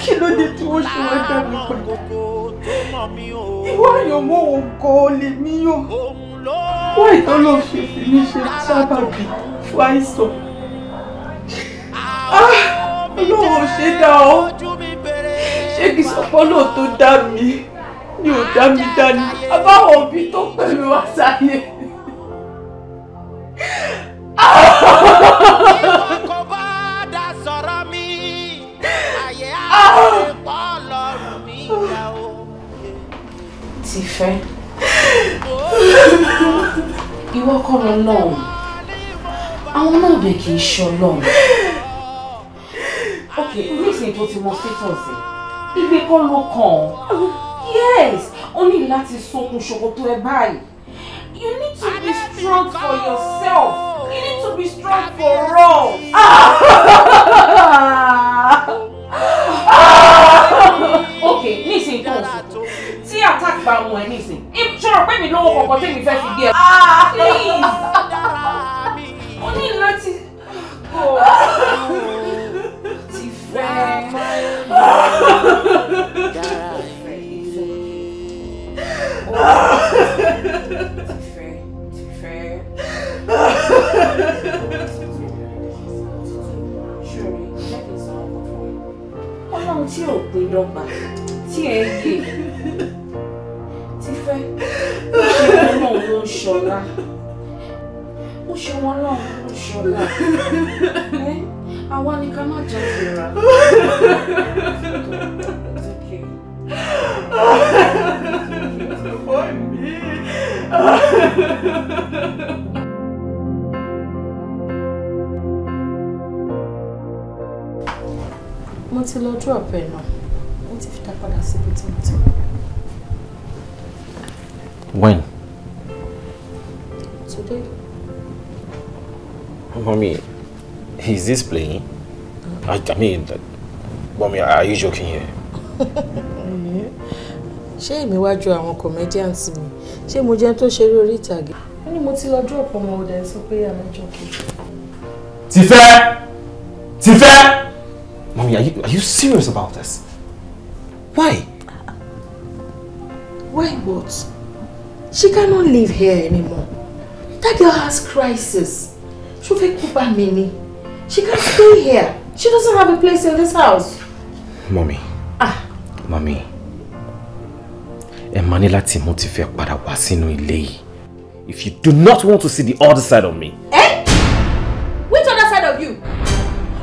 kí ló dé tí wọ́n ṣe wọ́n dá mi padà
ìwọ àyànmọ́ òǹkọ́ lèmi yàn wọ́n ìtọ́lọ́ fi fi mí ṣe sábàbí fún Ah! ọlọ́run ṣe dá ọ ṣé kí sọpọ́lọ́ tó dá mi ni ò dá mi dání abáwọn òbí tó pẹ̀lú wá ah! ah! Ti fẹ́. kọ́ lọ lọ́hùn àwọn náà dẹ̀ kì í ṣe ọlọ́run ok nísìnyí tó ti mọ status ẹ ibi kọ́ ló kàn án yes ó ní láti sókun ṣòkòtò ẹ báyìí you need to be strong for yourself
you need to be strong for all.
ok nísìnyí tó ń sọ attack bá wọn ẹ nísìn ṣọ̀rọ̀ pé mi lówó kọ̀ọ̀kan tèmi fẹ́ fi gbé ẹ. o ah,
ah, ní láti kò oh, ti fẹ́. Ti fẹ́, ti tí ò pín dọ́gba tí ẹ yé ọlọ́run ló ń ṣọlá ó ṣe wọn lọ́run ló ń ṣọlá àwa ni ká má me.
mo ti lọ drop ẹ̀ náà mo ti fi dá padà síbi tí mo ti wà. When? Today. Mommy, is this playing? Uh-huh. I, I mean, that, uh, mommy, are you joking here? ṣé ìmíwájú àwọn comedians mi ṣé mo jẹ́ tó ṣeré orí ìtàgé. wọ́n ní mo ti lọ drop ọmọ ọ̀dà ẹ̀ So pé àmì jọ̀kì.
Tifẹ́! Tifẹ́! Mami, are you,
are you serious about this? Why? Why what? She cannot live here anymore. That girl has crisis. She fẹ́ kú bá She can't stay here. She doesn't have a place in this house. Mommy. Ah. Mommy. Ẹ manila ní láti mú Tífẹ́ padà wá sínú ilé If you do not want to see the other side of me. Eh? Which other side of you?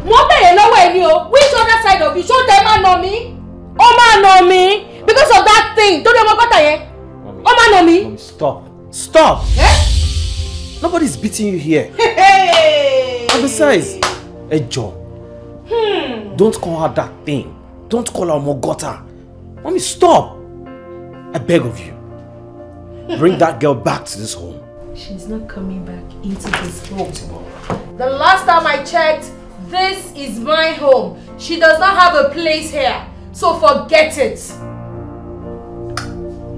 Mo bẹ̀rẹ̀ lọ́wọ́ ẹ ni o. Which other side of you? Ṣó tẹ know me. mí? man know me because of that thing tó dé ọmọ gọ́tà yẹn. Oma Nomi! Mom, stop. Stop! Eh? Nobody's beating you here. Hey! And besides, Ejo, hmm. don't call her that thing. Don't call her Mogota. Mommy, stop! I beg of you. Bring that girl back to this home. She's not coming back into this home. The last time I checked, this is my home. She does not have a place here. So forget it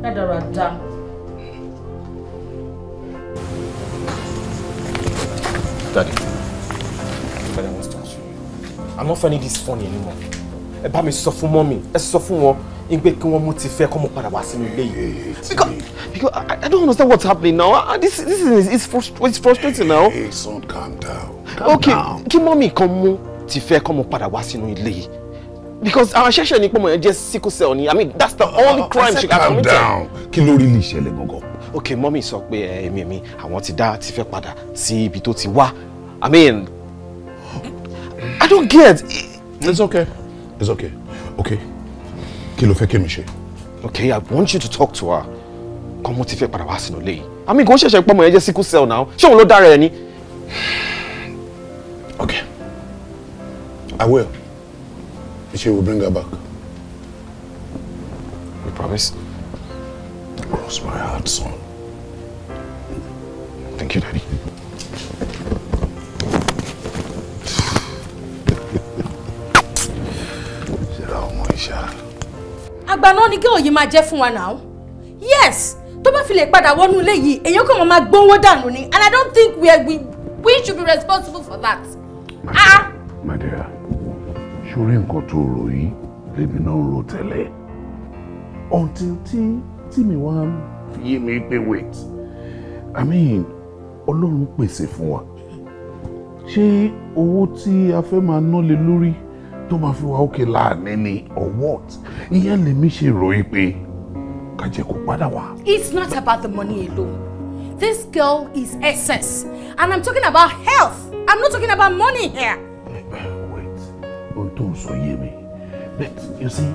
rádaràda. Daddy, Daddy, I want to you. I'm not finding this funny anymore. Eh, ba mi sọ fún mọ́mì, ẹ sọ fún wọn ìgbé kí wọ́n mú ti fẹ́ kọ́ mọ́ padà wá sínú ilé yìí. Because because I, I don't understand what's happening now. I, uh, this this is it's, frust it's frustrating now. Hey,
son, calm down. Calm okay, down. kí mọ́mì kan mú ti fẹ́ kọ́ mọ́ padà wá sínú ilé yìí because
our ṣẹ̀ṣẹ̀ ni pọmọ yẹn just sickle cell ni i mean that's the only ah, crime she got committed. calm
down kí ló rí lè ṣẹlẹ̀ Okay,
mommy, mọ́mí sọ pé eh, èmi I want ti dá ti fẹ́ padà sí ibi tó
ti wá i mean i don't get. it's okay it's okay okay kí ló fẹ́ kí mi ṣe. okay i want you to talk to her
kọ́ mo ti fẹ́ padà wá sínú ilé i mean go ń ṣẹ̀ṣẹ̀ pọmọ yẹn jẹ́ sickle cell now ṣé òun ló dára ni.
okay i will. Ichi will bring her back. You promise? Cross my heart, son. Thank you, Daddy. Oh,
Àgbàná ni girl yìí máa jẹ́ fún wa now. Yes, tó bá fi lè padà wọnú ilé yìí, èèyàn kàn máa gbówó dànù ni and I don't think we, are, we, we should be responsible for that. My ah! Dear, my
dear, sórí nǹkan tó rò yìí lèmi náà rò tẹ́lẹ̀ until tí tí mi wá fi yé mi pé wait i mean ọlọ́run pèsè fún wa ṣé owó tí a fẹ́ máa ná lé lórí tó máa fi wá òkè láàánú ni or what ìyẹn lèmi ṣe ròyìn pé ká jẹ́ padà wá.
it's not about the money alone this girl is essence and i'm talking about health i'm not talking about money here
ohun tó ń sọ yé but you see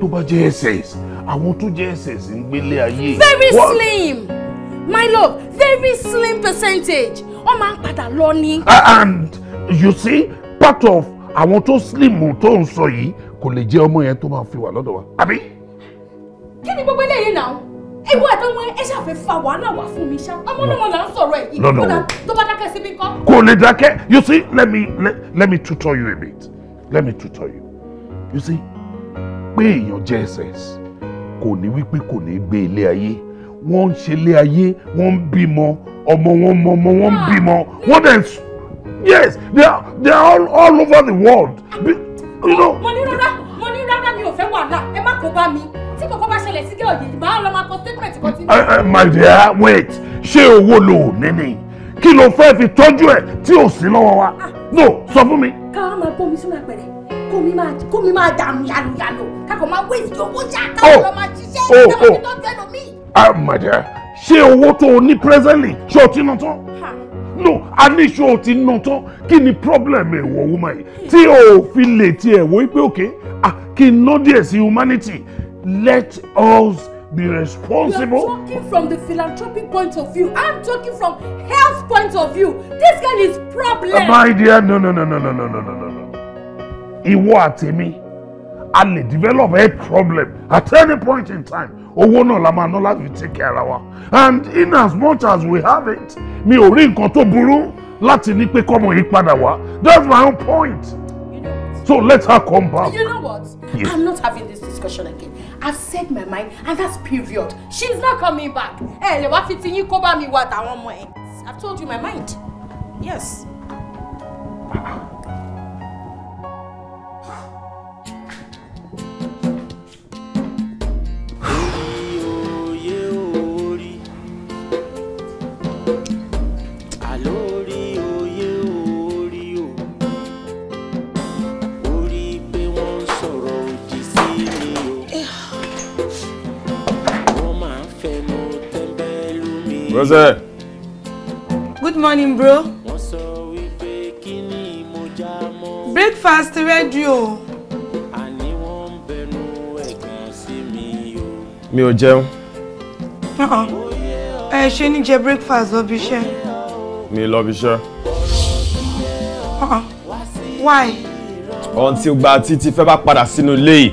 tó bá jẹ́ ss àwọn tó jẹ́ ss ń gbélé ayé. very
slim my love very slim percentage wọ́n máa ń padà
lọ ní. and you see part of àwọn tó slim tó ń sọ yìí kò lè jẹ́ ọmọ yẹn tó máa fi wà lọ́dọ̀ wa àbí.
kí ni gbogbo eléyìí náà ewu àtọwọn ẹ ṣàfẹ́ fa wàhálà wá fún mi ṣá ọmọ náà là ń sọ̀rọ̀ ẹ̀ yìí tó bá dákẹ́ síbi kan.
kò lè dákẹ́ you see let me let, let me tutor you a bit let me tutor you you see pé èèyàn jẹ́ SS kò ní wípé kò ní gbé ilé ayé wọ́n ń ṣe ilé ayé wọ́n ń bímọ ọmọ wọn mọ ọmọ wọn ń bímọ wọ́n dẹ̀ yes they are they are all, all over the world
you know. mo ní rárá mo ní rárá mi ò fẹ́ wàhálà ẹ má kó bá mi tí kòkó bá ṣẹlẹ̀ sí gẹ́ọ̀dì ìbá lọ máa kọ statement kan tí.
my dear wait ṣé owó lo ò ní ni kí ló fẹ́ fi tọ́jú ẹ̀ tí ò sí lọ́wọ́ wa. Ah no sọ fún mi.
káwọn máa bọ́ mi sínú àpẹẹrẹ kó mi máa kó mi máa dààmú yàlùyàlù kákò máa wé ìdí owó jà káwọn oh, lọ máa
ṣiṣẹ́ ìjọba oh, tó oh.
tọ́jú ẹlòmíì.
àmàdà ah, ṣé owó tó o ní presently ṣé o ti ná tán no a ní ṣé o ti ná tán kí ni problem ẹ̀wọ̀ wúma yìí tí o fi lè tiẹ̀ wọ́ pé òkè kí n ná díẹ̀ sí humanity let us be responsible. You are
talking from the philanthropic point of view. I'm talking from health point of view. This girl
is
problem. Uh, my dear,
no, no, no, no, no, no, no, no, no. Ìwọ àti mi, a develop a problem at any point in time. Owó no, la no ná láti take care of her. And in as much as we have it, mi ori rí nǹkan tó burú láti ní pé kọ́mọ yìí padà That's my own point. so let her come back. You
know what? Yes. I'm not having this discussion again. I've said my mind and that's period. She's not coming back. Ẹ lè wá fi tiyín kó bá mi wà táwọn more? I've told you my mind. Yes. Uh-uh. Rose.
Good morning, bro. Breakfast ready o. Mi ò jẹun. Uh-uh. Ẹ ṣe ní jẹ breakfast lọ́bi iṣẹ́.
Mi lọ́bi iṣẹ́.
Uh-uh. Why?
Ohun tí gba títí fẹ́ bá padà sínú ilé yìí.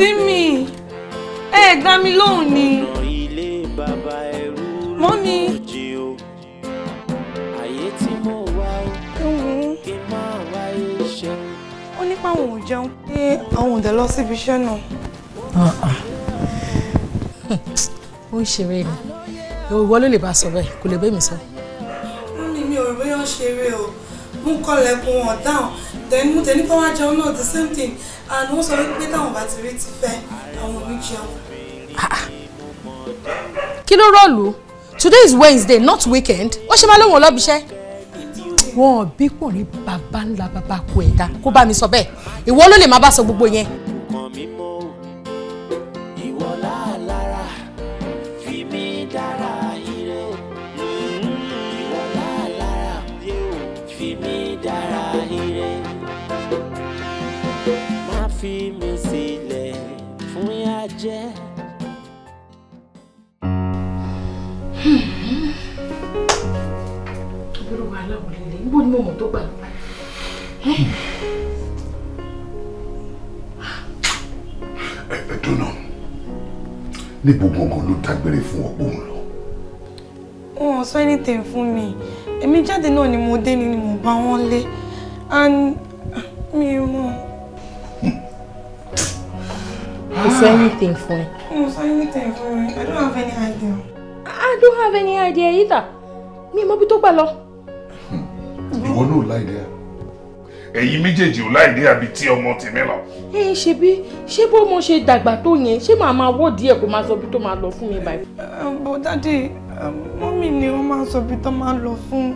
sí mi ẹ dá mi lóhùn ni mọ́mí. ó ní páwọn ò jẹun pé àwọn ò dẹ̀ lọ síbi iṣẹ́ náà. ó ń ṣeré ni ìwọ ló lè bá sọ bẹ́ẹ̀ kò lè bẹ́ẹ̀ mi sọ. mọ́mí mi ò rí bóyá ó ṣeré o mú kọ́lẹ̀kùn wọn dáhùn then mo tẹ̀ ní kọ́ wá jẹun náà the same thing and wọ́n sọ pé táwọn bá ti rí fẹ́ àwọn òbí jẹun. Ah, ah.
kí ló rọ̀lù today is wednesday not weekend wọ́n ṣe máa lóun ọlọ́bìṣẹ́. wọn ò bí pọ̀ ní baba ńlá baba kú ẹ̀dá kó bá mi sọ bẹ́ẹ̀ ìwọ ló lè má bá sọ gbogbo yẹn. bó ni mo mọ̀ tó gbà.
ẹ dúnà níbo gbọ̀ngàn ló dágbére fún ọ̀pọ̀ òun lọ.
wọn ò sọ anything fún mi èmi jáde náà ni mo dé ni mo bá wọn lé and mi mọ.
kò sọ anything for me?
No, sọ anything for
me? i don't have any idea. i don't have any idea either Me, mọ bí tó gbà lọ
ìwọ náà láìdí à ẹ̀yin méjèèjì ò láìdí àbí tí ọmọ tèmi lọ.
ẹ ẹ ṣe bí ṣé bó mo ṣe dàgbà tó yẹn ṣé màá máa wọ́ọ̀dì ẹ̀ kó máa sọ bí tó máa lọ fún mi báyìí.
bó dáàdì mọ́mì ni ó máa sọ bí tó máa lọ fún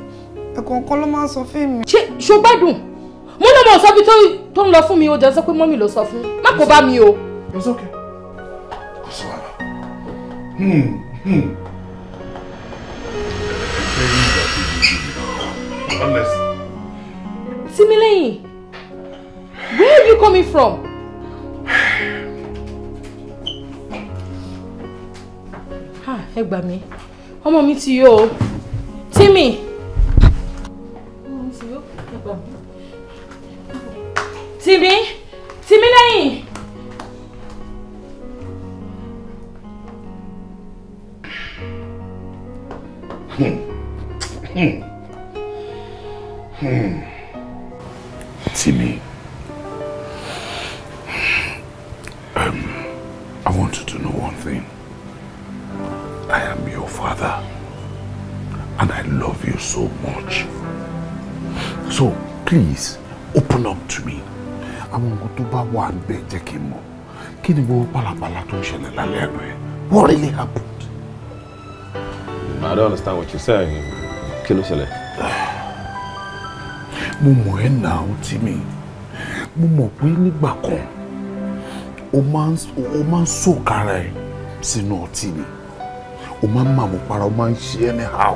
ẹ̀kọ́ kan ló máa sọ fún mi. ṣé ṣó gbádùn mo ló sọ bí tó ń lọ fún mi
ó jẹ́ sọ pé mọ́mì ló sọ fún má kó bá mi o. it's okay kò sọ
wàhálà honestly
Timileyin, where are
you coming from? Ha, Hey, gbà mí. Ọmọ meet you, Timmy. o. Timi.
Ọmọ mi ti yó. Ẹ
gbà Hmm. Hmm.
Hmm. hmm sí me. Um, I want you to know one thing. I am your father and I love you so much. So please open up to me. I'm going to bá wà ń bẹ̀ jẹ́ kí n mọ̀. Kí ni gbogbo pàlàpàlà tó ń ṣẹlẹ̀ What really happened?
I don't understand what you're saying. Kí ló ṣẹlẹ̀?
mo mọ̀ ẹ́ nà ó tì mí mo mọ̀ pé nígbà kan o máa ń sòkara ẹ̀ sínú ọtí mi o máa ń mà mú para o máa ń ṣe anyhow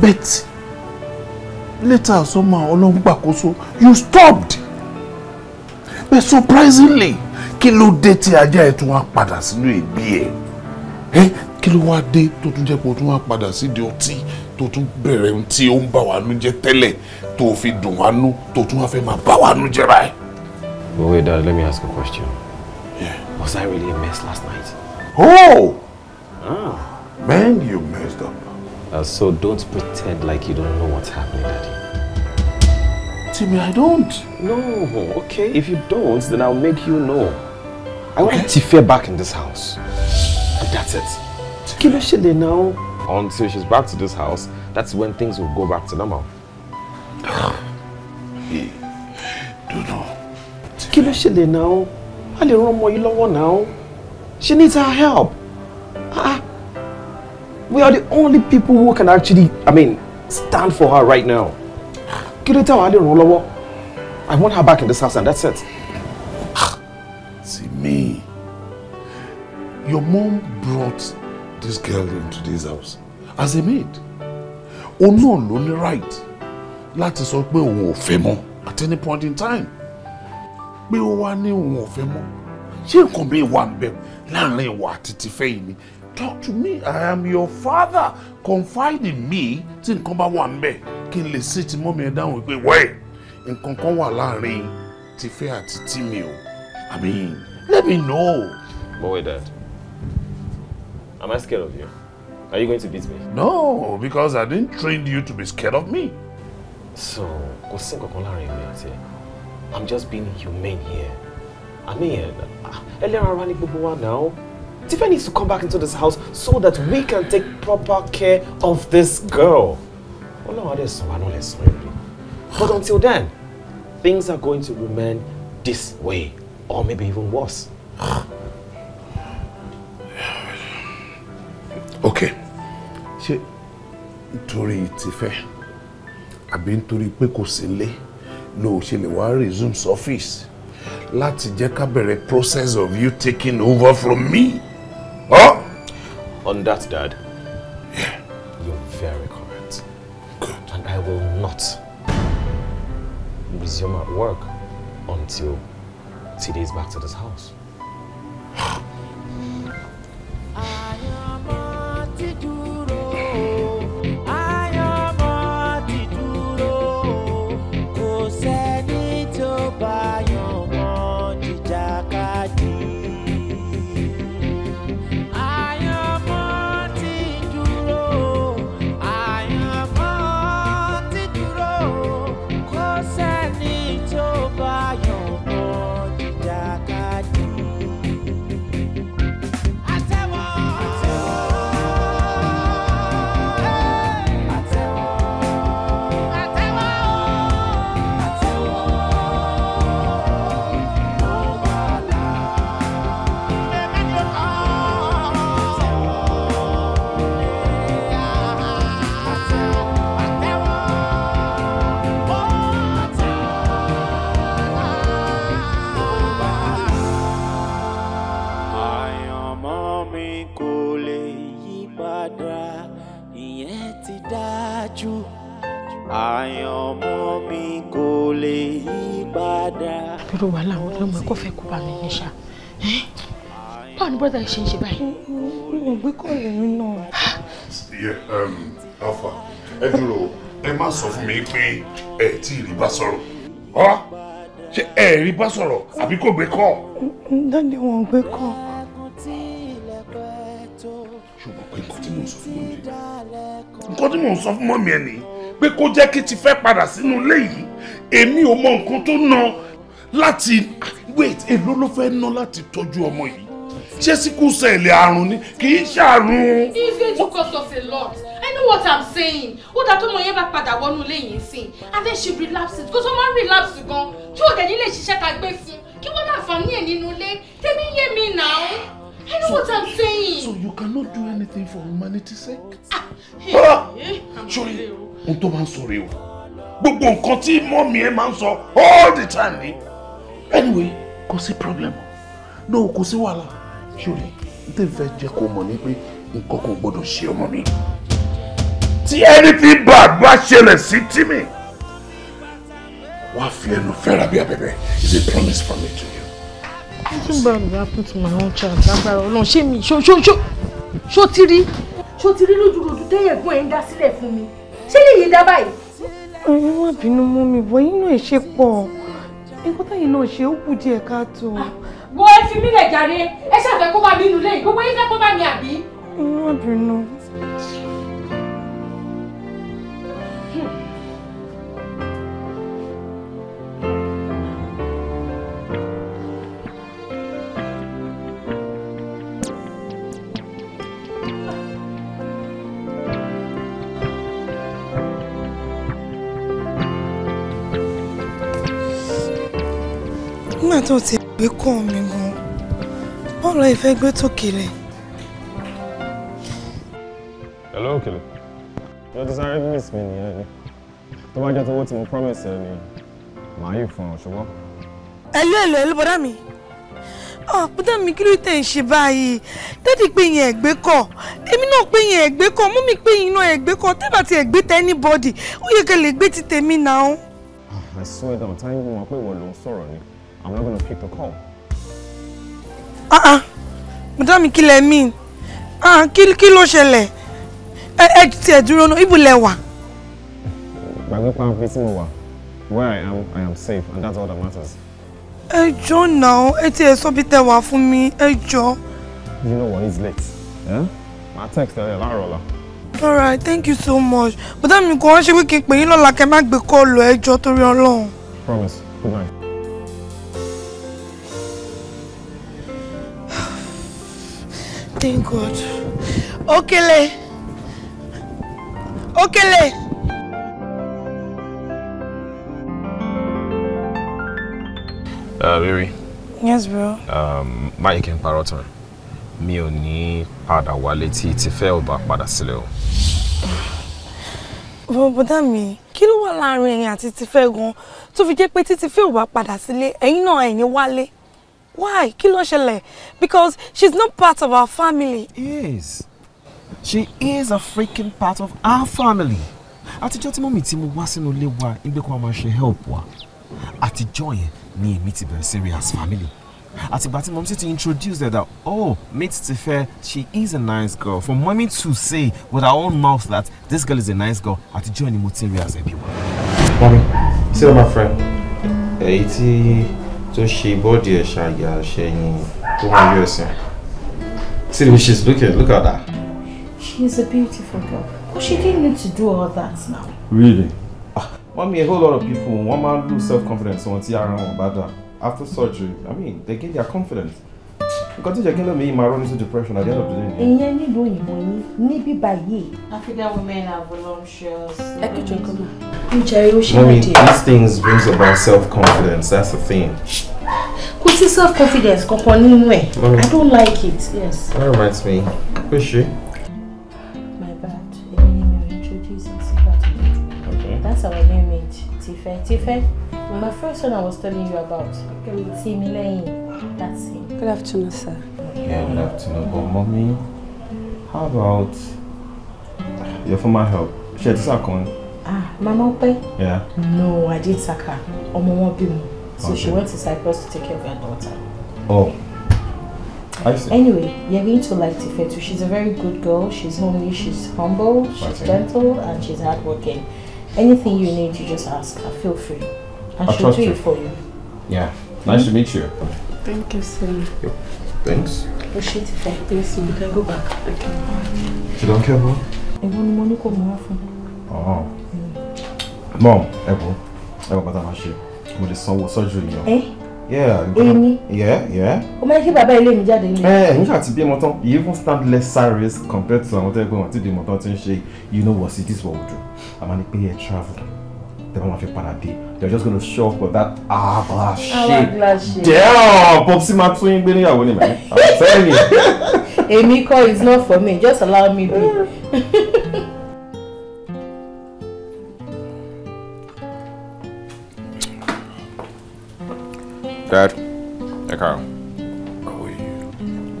but later asoma ọlọ́run gbàkóso you stopped but surprisingly kí ló dé tí ajá ẹ̀ tún wá padà sínú ìbí ẹ̀ ẹ́ eh, kí ló wá dé tó tún jẹ́ pé o tún wá padà sídìí ọtí tó tún bẹ̀rẹ̀ ohun tí ó ń bà wá nú jẹ́ tẹ́lẹ̀ tó fi dùn wá nú tó tún wá fẹ́ máa bà wá nú jẹ́ báyìí.
but wait dad let me ask a question.
Yeah. was I really a mess last night.
oh. Ah. man you messed up. Uh, so don't pretend like you don't know what's happening daddy. Timmy, I don't. No, okay, if you don't, then I'll make you know. I want okay. Tife back in this house. And that's it. Kí ló ṣẹlẹ̀ náà until she's back to this house, that's when things will go back to normal. Kí ló ṣẹlẹ̀ now? A lè ràn ọmọ yìí lọ́wọ́ náà. She needs our help. Ah, ah, we are the only people who can actually, I mean, stand for her right now. Kí ló táwọn a lè ràn I want her back in this house and that's it.
See me. your mom brought this girl into this house as a maid òun náà ló ní right láti sọ pé òun ò fẹ́ mọ́ at any point in time pé ó wá ní òun ò fẹ́ mọ́ ṣé nǹkan bíi wà ń bẹ̀ láàrin ìwà àti tìfẹ́yìn ni talk to me i am your father confide in me tí nǹkan bá wà ń bẹ̀ kí n lè sí ti mọ́ mi ẹ̀ dáhùn pé wẹ́ẹ̀ nǹkan kan wà láàrin tìfẹ́ àti tìmí o i mean let me know. Boy, dad am i scared of you. Are you going to beat me? No, because I didn't train you to be scared of me. So, I'm just being humane here. I mean,
ẹlẹ́ran ara ni gbogbo now. Tifa needs to come back into this house so that we can take proper care of this girl. But until then, things are going to remain this way or maybe even worse.
nítorí tìfẹ́ àbí nítorí pé kò sílé ló ṣe lè wá resume office láti jẹ́ ká bẹ̀rẹ̀ process of you taking over from me. Huh?
On that, Dad, yeah. you're very correct. Good. And I will not resume at work until T is back to this house. irú wàhálà àwọn ọmọ ẹ kò fẹ́ kó bá mi ní ṣá báwo ni brother ṣe ń ṣe báyìí. mo
gbé kọ́ọ̀lù yín náà.
Um, alfa ẹ dúró ẹ má sọ fún mi pé ẹ tí ì rí bá sọ̀rọ̀ ọ ṣe ẹ rí bá sọ̀rọ̀ àbí kò gbé kọ́.
dáadé wọn gbé kọ́.
ṣùgbọ́n pé nǹkan tí mò ń sọ fún mọ́mí nǹkan tí mò ń sọ fún mọ́mí ẹ nìyí pé kó jẹ́ kí ti fẹ́ padà sínú ilé yìí èmi ò mọ nǹkan tó ná láti wait èló ló fẹ́ ná láti tọ́jú ọmọ yìí ṣé síkú sẹ́ẹ̀lì àrùn ni kì í ṣàrùn.
it's going to cost us a lot i know what i'm saying ó dá tó mọ yẹn bá padà wọnú ilé yìí sìn and then she relapses because ó máa ń relapse gan tí ò dẹ̀ nílé ṣiṣẹ́ ta gbé fún
kí wọ́n láǹfààní ẹ̀ nínú ilé tèmi yé mi now i know so, what i'm saying. so you cannot do anything for humanity's sake. Ah, ah! sori oh. ohun tó máa ń sọ rèé o gbogbo nǹkan tí mọ́mí ẹ máa ń sọ all the time ni. Eh? anyway kò sí problem no kò sí wàhálà ṣòrí tẹ́ fẹ́ jẹ́ kó mọ̀ ní pé nǹkan kò gbọ́dọ̀ ṣe ọmọ mi tí anything bad bá ṣẹlẹ̀ sí Timi wá fi ẹnu fẹ́ra bí abẹ́bẹ́ is a promise from me to you.
nothing bad will happen to my own child lágbára ọlọ́run ṣé mi ṣó ṣó ṣó
ṣó ti rí ṣó ti rí lójúrojú téyẹ̀gbọ́n ẹ̀ ń dá sílẹ̀ fún mi ṣé lè yé dá báyìí.
ẹ wá bínú mú mi bọ́ inú ẹ̀ ṣe pọ̀ nǹkan tẹ̀yìn náà ṣe ó kù díẹ̀ káàtó.
wo ah, ẹ fi mílẹ̀ jàre ẹ ṣàfẹ́ kó bá mi nulẹ̀ gbogbo yín fẹ́ kó bá mi àbí.
inú àbínú. nígbà tó ti gbé kọ́ mi gan bọ́ọ̀lù ìfẹ́ gbé tó kele.
hello òkèlè yóò ti sáré miss mi nìyẹn ni tó bá jẹ́ tówó tí mo promise ẹ ni màá yìí fún ọ ṣùgbọ́n.
ẹ̀lú ẹ̀lú ẹ̀lú bọ́dá mi ọ̀pọ̀dá mi kí ló tẹ̀ ń ṣe báyìí dádì pé yẹn ẹ̀gbẹ́ kọ̀ èmi náà pé yẹn ẹ̀gbẹ́ kọ̀ mummy pé yẹn náà ẹ̀gbẹ́ kọ̀ tẹ́bà ti ẹ̀gbẹ́ tẹ anybody ó yẹ kẹ́ lè gbé ti tèmi náà.
Ah, I swear down táyé mo mọ̀ pé ìwọ ló ń sọ̀rọ̀ ni I'm not going to pick the call.
Uh-uh. Madam, kí lẹ mean? Ah, kí kill ló ṣẹlẹ̀? Ẹ ẹ ti ẹ dúró náà, ibo lẹ wà?
Gbàgbé pa àfi Where I am, I am safe and that's all that matters.
Eh, John, now ẹ ti ẹ sọ bí tẹ́ wà fún mi,
You know what, it's late. Yeah? Màá text ẹ láàárọ̀
All right. thank you so much. Madam, kò wá ṣe wíkì pé yín lọ́la kẹ́ má gbé kọ́ọ̀lù ẹ jọ̀ọ́ torí Ọlọ́run.
Promise, good night.
Thank God. Okele. Okele. Uh, Riri. Yes, bro.
Um, Máyì kí n parọ́ tán. Mi ò ní padà wálé tí ti fẹ́ ò bá padà sílẹ̀ o.
Bọ̀bọ̀dá mi, kí ló wà láàrin ẹ̀yin àti Tifẹ́ gan-an tó fi jẹ́ pé tí Tifẹ́ ò bá padà sílé, ẹ̀yin náà ẹ̀yin wálé. Why? Kiloshele? Because she's not part of our family.
Yes. She is a freaking part of our family. Àtijọ́ tí mọ́mì tí mo wá sínú ilé wa nígbà kan máa ṣe help wa. Àtijọ́ yẹn ni èmi ti bẹ̀rẹ̀ sí rí family. Àtìgbà tí mọ́mì sì ti introduce her that oh mate Tife she is a nice girl. For mommy to say with her own mouth that this girl is a nice girl àtijọ́ ni mo ti rí as ẹbí wa. see my friend. Èyí tí tó ṣe bọ́ọ̀dì ẹ̀ ṣàyà ṣẹ̀yìn tó mọ yọ ẹ̀sìn. See the way she's looking, look at that. She is a beautiful girl. But she didn't need to do all that now. Really? Ah, mommy, a whole lot of people, One man lose self-confidence wọn tí ara wọn bá dà. After surgery, I mean, they gain their confidence nǹkan tó jẹ́ kí lómi yìí máa rọ́ni sí depression at the end of the day nìyẹn. ìyẹn nílùú òyìnbó ní níbí báyìí. African women are voluptuous. ẹ kí jọ kọ́ náà. ṣe é dé. these things brings about self-confidence that's the thing. kò sí self-confidence kankan nínú ẹ̀ I don't like it. yes. that reminds me pé
ṣe. my bad èmi
ni mi ò introduce you to that okay. that's our new maid Tife Tife my first one I was telling you about. kẹ́mi tí mi That's Good
afternoon, sir. Yeah, good afternoon.
But mommy, how about your former help? She had suck on. Ah, Mama Ope? Yeah. No, I did suck her. Ọmọ mama, So okay. she went to Cyprus to take care of her daughter.
Oh. I see. Anyway,
you're going to like Tifetu. She's a very good girl. She's homely, she's humble, she's gentle, and she's hardworking. Anything you need, you just ask her. Feel free. And i she'll do it for you.
Yeah. Nice mm -hmm. to meet you.
Thank you, sir. Yep. Thanks. Appreciate it, Thanks. Yes, You can go back. Okay. You don't care, oh. mom? I want money to come off. Oh. Mm. Mom, Ebo, Ebo, but I'm sure. Mo lè sanwó surgery yẹn. Eh? Yeah. Amy. Yeah, yeah. O máa ṣe bàbá ilé mi jáde ní. Ẹ ẹ̀yin ṣáà You even stand less high compared to what tó yẹ pé wọ́n ti di ọmọ tán ti ń you know what cities wọ́n would do. Àmọ́ ni pé ẹ travel. Tẹ́ bá wọn fi a dé. they're just gonna show up with that hourglass ah Hourglass shit. Damn, Popsy Matsu ain't been here, man. I'm telling
you.
Emiko is not for me. Just allow me be.
Dad, Ekaro. How are you?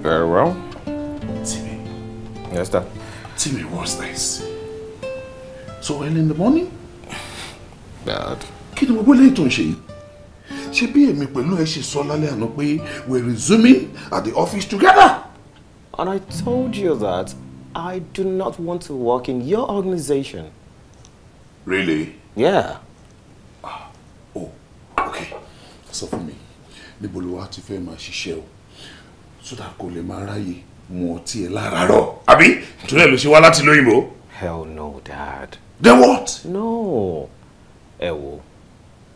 Very well. Timmy. Yes, Dad. Timmy, what's this? So early in the morning? Dad. kí ni gbogbo eléyìí tó ń ṣe yìí ṣé bí èmi pẹ̀lú ẹ ṣe sọ lálẹ́ àná pé we are resuming at the office together. and I told you that
I do not want to work in your organization.
really. yeah. ah oh okay sọ fún mi níbo ló wá ti fẹ́ máa ṣiṣẹ́ o so that kò lè máa ráyè mu ọtí ẹ láràárọ̀ àbí ìtúlẹ̀ ló ṣe wá láti lóyìnbó. hell no dad. then what. no
ẹ wo.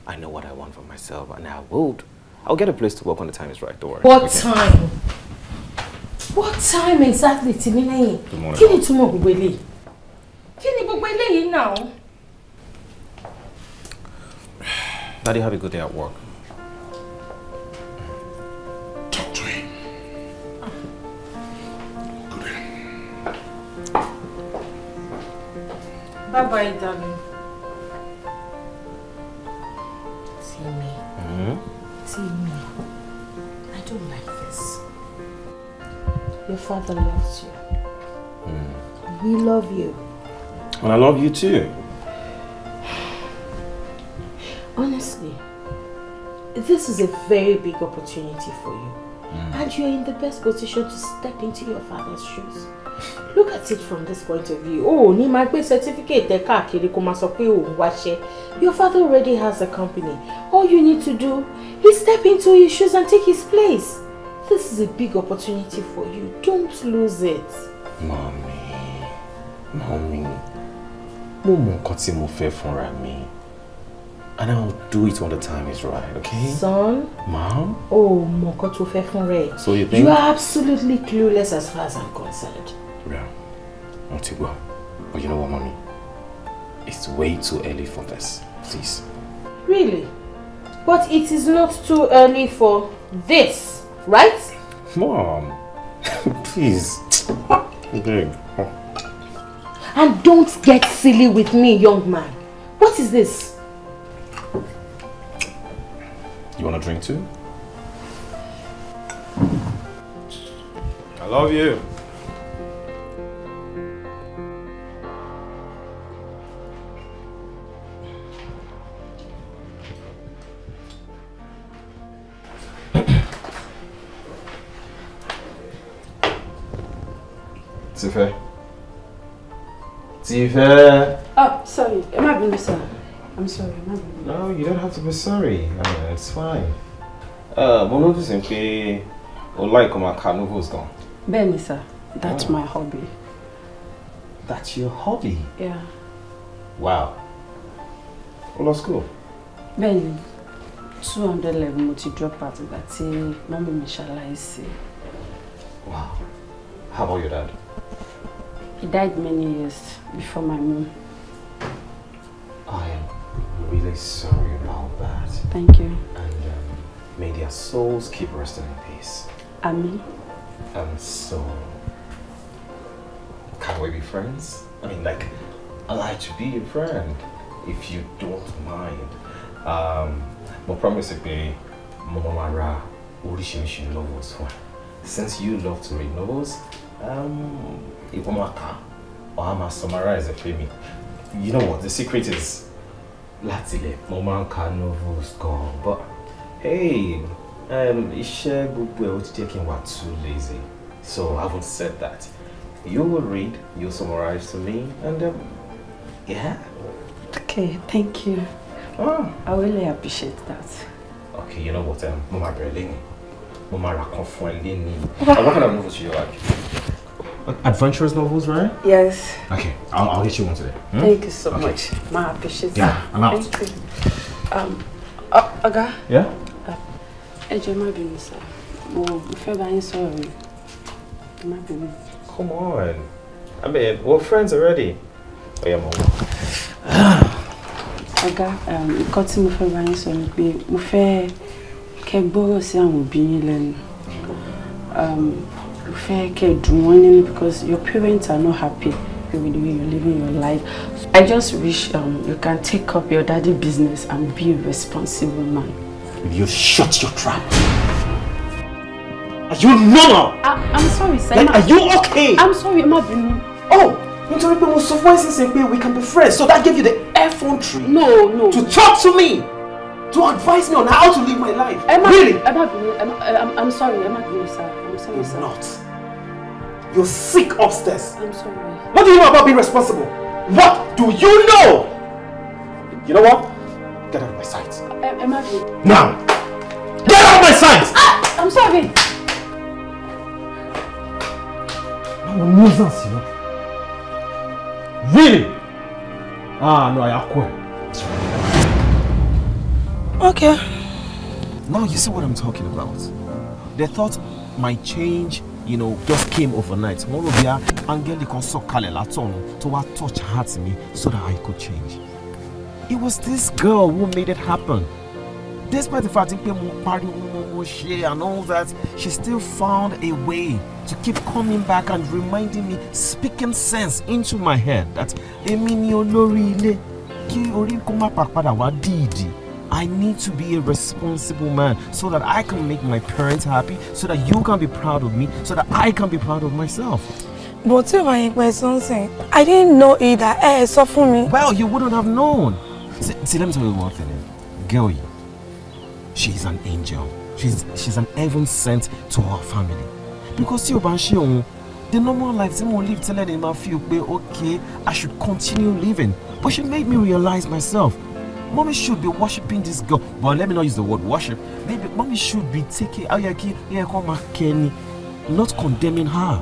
I know what I want for myself, and I will. I'll get a place to work when the time is right. Don't worry. What okay. time? What time exactly, Timileyin? Kí ni túmọ̀ gbogbo eléyìí? Can you go eléyìí now? Daddy, have a good day at work. Talk to him. Good day. Bye bye, darling. see me. I don't like this. Your father loves you. Mm. We love you. And I love you too. Honestly, this is a very big opportunity for you. Mm. And you're in the best position to step into your father's shoes. look at it from this point of view Oh, ni máa gbé certificate ẹ káàkiri kó máa sọ pé òun wáṣẹ́ your father already has a company all you need to do is step into his shoes and take his place this is a big opportunity for you don't lose it. mọ̀mí mọ̀mí mo mọ nǹkan tí mo fẹ́ fúnra mi and I will do it when the time is right, okay? Son. Mom. Oh, mọ nǹkan tó fẹ́ fúnra So you think? You are absolutely clueless as far as I'm concerned. I mo ti gbọ́. But you know what, mommy? It's way too early for this. Please. Really? But it is not too early for this, right? Mom, please. Big. And don't get silly with me, young man. What is this? You want a drink too? I love you. ti fẹ́ oh sorry ẹ má being sorry. i'm sorry ẹ má bínú. no you don't have to be sorry uh, it's fine. Uh, mo notice pé o like ma ka novels gan. bẹ́ẹ̀ni sir that's oh. my hobby. that's your hobby. yeah. wow. o lọ school. bẹ́ẹ̀ni two hundred level mo ti drop out ìgbà tí mọ́mí mi ṣaláìsí. wow how about your dad. He died many years before my mom. I am really sorry about that. Thank you. And um, may their souls keep resting in peace. Amen. And so, can we be friends? I mean, like, I'd like to be your friend, if you don't mind. Um, but promise me, Momara, Urishimishin novels. Since you love to read novels, Um, máa kà á or I must summarize it for me. You know what? The secret is Latile. Mo máa ń ka novels gan, but hey, um, iṣẹ́ gbogbo ẹ̀ ó ti jẹ́ kí too lazy. So I haven't said that. You will read, you'll summarize to me, and um, yeah.
Okay, thank you. Oh. I really appreciate that.
Okay, you know what? Um, mo máa bẹ̀rẹ̀ lẹ́yìn. Mo máa ra kan fún ẹ lẹ́yìn. What kind you like? adventurous novels, right? Yes. Okay, I'll, I'll get you one today. Hmm? Thank you so okay. much. My appreciation. Yeah, I'm out. Thank you. Um, uh, Aga? Yeah? Ẹ uh, jọ̀ọ́ má bínú sir. Mo fẹ́ bá yín Come on. I mean, we're friends already. Oh yeah, mom. Aga, um, nǹkan tí mo fẹ́ bá yín sọ ni pé mo fẹ́ kẹ́ gbọ́rọ̀ sí àwọn òbí yín lẹ́nu. Um, fẹ́ kẹ́ dùn wọ́n because your parents are not happy with the way you're living your life. I just wish um, you can take up your daddy business and be a responsible man. Will you shut your trap? Are you normal? I, I'm sorry, sir. Like, are you okay? I'm sorry, I'm not being... Oh! nítorí pé mo sọ fún since we can be friends so that gave you the effrontery. no no to talk to me to advise me on how to live my life. Emma, really Emma, Emma, I'm, I'm sorry I'm sorry sir I'm sorry sir. You're not. You're sick upstairs. I'm sorry. What do you know about being responsible? What do you know? You know what? Get out of my sight. I, I'm happy. Now! Get out of my sight! Ah! I'm sorry. No nuisance, you know. Really? Ah, no, I acquit. Okay. Now you see what I'm talking about. The thought might change you know just came overnight wọ́n rò bí i áńgẹ́lì kan sọ̀kalẹ̀ látọ̀run tó wá touch heart mi so that I could change it was this girl who made it happen despite the fact pé mo pariwo mo mo ṣe and all that she still found a way to keep coming back and reminding me speaking sense into my head that èmi ni olórí ilé kí orí kó má pa padà wá dìídì. I need to be a responsible man so that I can make my parents happy, so that you can be proud of me, so that I can be proud of myself.
But if I were something, I didn't know either. Eh, so for me. Well, you wouldn't have known. See,
see let me tell you one thing. Girl, she's an angel. She's, she's an heaven sent to her family. Because you Banshee, the normal life Zimo live telling him I feel okay, I should continue living. But she made me realize myself Mommy should be worshiping this girl, But let me not use the word worship. Maybe mommy should be taking oh, Ayaki Kenny, not condemning her.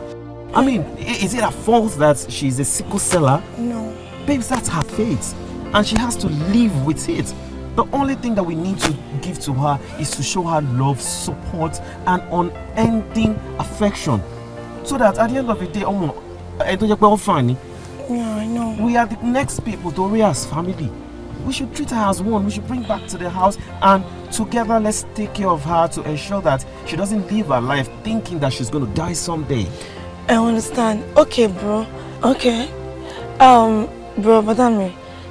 I mean, is it a fault that she's a sickle seller? No. Babes, that's her fate. And she has to live with it. The only thing that we need to give to her is to show her love, support, and unending affection. So that at the end of the day, Omo, I don't know. We are the next people to rear family we should treat her as one. We should bring back to the house and together let's take care of her to ensure that she doesn't live her life thinking that she's going to die someday.
I understand. Okay, bro. Okay. Um, bro, but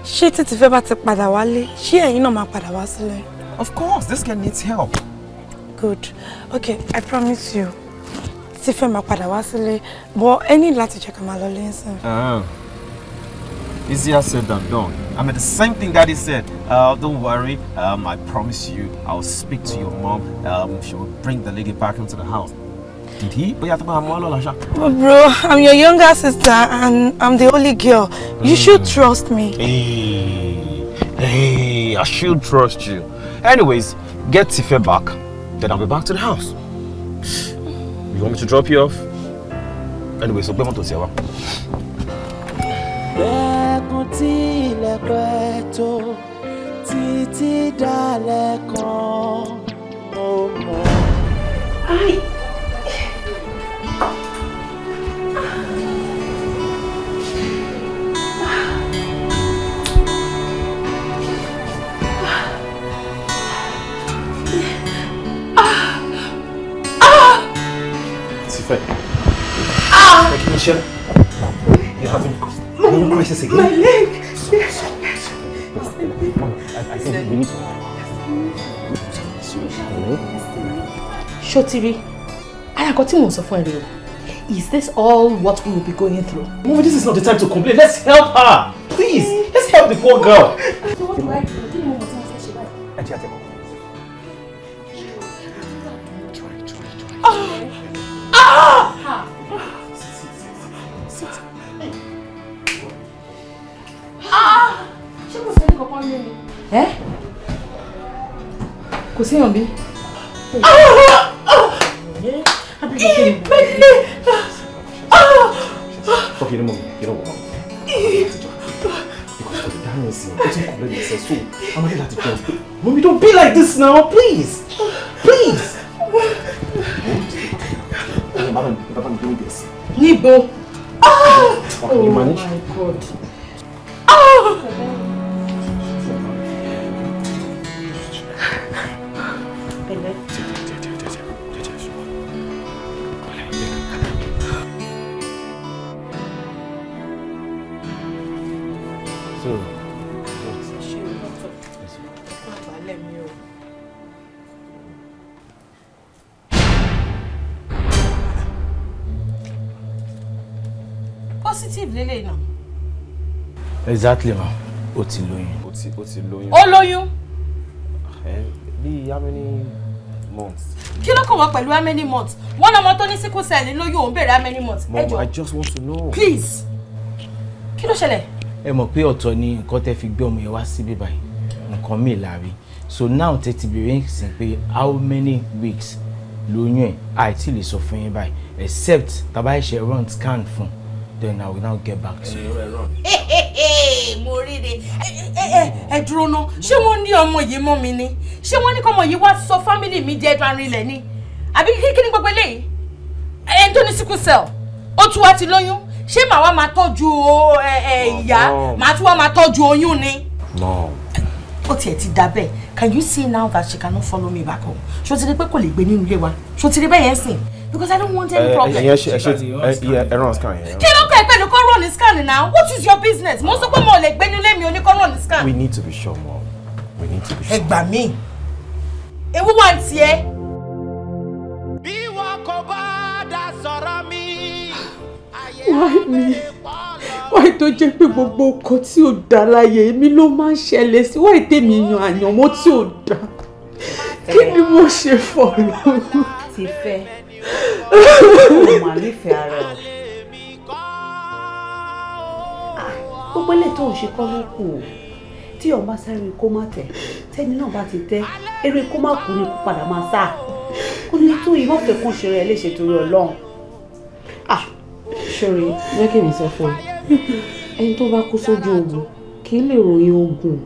ṣé títí fẹ́ bá ti padà wálé, ṣé ẹ̀yin náà máa padà wá sílé? Of course, this girl needs help. Good. Okay, I promise you. Tí fẹ́ máa padà but any láti jẹ́ ká
Ah. Easier said than done. I mean, the same thing Daddy said. Uh, don't worry. Um, I promise you, I'll speak to your mom. Um, she will bring the lady back into the house. Did he? Oh,
bro, I'm your younger sister and I'm the only girl. You mm. should trust me.
Hey, hey, I should trust you. Anyways, get Tife back, then I'll be back to the house. You want me to drop you off? Anyway, so we want to see her pẹ́pẹ́ tó títí you're having, you crisis again. My
leg! Yes.
I, I think we need to. Shotiri, ara nǹkan tí mò ń sọ fún Is this all what we will be going through? Mommy, this is not the time to complain. Let's help her. Please, let's help the poor girl. Ẹ jẹ́ àtẹ̀kọ́. ẹ́ eh? kò síyàn bí.
ìpele.
sọ kí ni mo kí ni mo wà. because of the dancing o ti kò lè ṣe so i'm ready to dance mommy don't be like this now please please. bàbá mi bàbá mi doing this. níbo. oh my god. Oh. positive lélẹ̀ náà.
exactly ma o ti lóyún. o ti o ti
lóyún. ó lóyún. ẹ how many months. kí ló kàn wọ́n pẹ̀lú how many months wọ́n lọ́mọ tó ní sickle cell lóyún òun béèrè how many months. mom i just want to know. please kí ló ṣẹlẹ̀. ẹ mọ̀ pé ọ̀tọ̀ ni nǹkan tẹ́ fi gbé ọmọ yẹn wá síbí báyìí nǹkan míì láàrin so now tẹ́tí bèrè sí pé how many weeks lóyún ẹ̀ àìtí lè sọ fún yín báyìí except tàbá ẹ̀ṣẹ̀ run scan fún un then I will now get back to you. mo ríre ẹ dúró ná ṣé wọ́n ní ọmọ yìí mọ́ mi ni ṣé wọ́n ní kọ́mọ yìí wá sọ fámìlì mi di ẹ̀dùn arìnlẹ̀ ni àbí kí ni gbogbo eléyìí ẹni tó ní sickle cell ó tún wá ti lóyún ṣé màá wá máa tọ́jú ìyá màá tún wá máa tọ́jú oyún ni. ó tiẹ̀ ti dà bẹ́ẹ̀ can you see now that she cannot follow me back home ṣó ti rí pé kò lè gbé nínú ilé wa ṣó ti rí bẹ́ẹ̀ yẹn sìn because I don't want any eh, problem. Ẹyẹ ṣe ṣe ẹyẹ ẹran scan yẹn. Kí ló pẹ́ pẹ̀lú kó run ní scan now? What is your business? Mo sọ pé Like when you lé me, you kó run ní scan. We need to be sure mom. We need to be sure. Ẹ by me. Ewu wa ti ẹ. E. Why me?
Why don't jẹ́ pé go nǹkan tí ò dá láyé mi ló máa why tèmi me àyànmọ́ tí ò dá? Kí ni mo ṣe fọ̀rọ̀? Ti ó mà nífẹ̀ẹ́ ara tó ń ṣe kọ́ o tí ọba sáré
kó má tẹ tẹni náà bá ti tẹ eré kó má kú ni kó padà máa sá kó ní tó yìí wọ́n fẹ́ ṣe rẹ̀ léṣe torí ọlọ́run ṣòro jẹ́ kí mi sọ fún ẹ ẹni tó bá kú sójú ogun kì í lè ròyìn ogun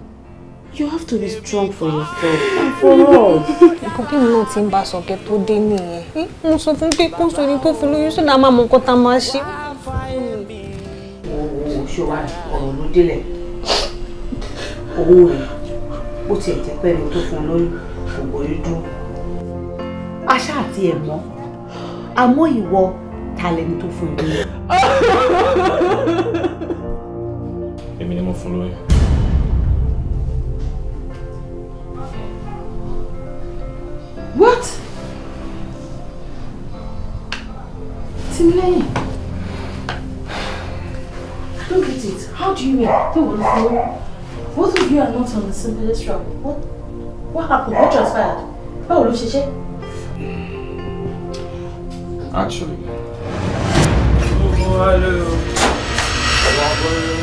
you have to be strong for yourself and for us nǹkan tí mi náà ti ń bá sọ̀kẹ́ tó dé nìyẹn hm? mo sọ fún pé kó sọ ẹni tó fún lóyún sódà máa mọ nǹkan tá a máa ṣe.
owó ṣọwá ọ̀rọ̀ ló délẹ̀ owó rẹ̀ bó tiẹ̀ jẹ́ pẹ́ ni tó fún lóyún kò gbóyún dún. aṣá àti ẹ̀ àmọ́ ìwọ ta lẹni tó fún lóyún. èmi ni mo fún lóyún. What? Timley. I don't get it. How do you mean? Don't Both of you are not on the simplest route. What? What happened? What transpired? How will you
Actually. Oh, hello.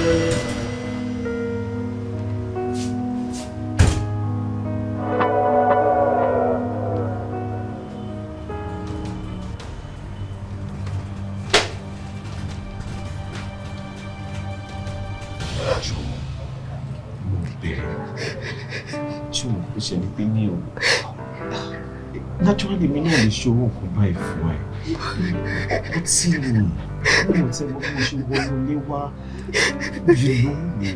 èmi náà lè ṣe owó nǹkan báyìí fún ẹ ó tì mí ó mọ̀ tẹ́ mo bí mo ṣe wọnú
ilé wá yìí ló mi.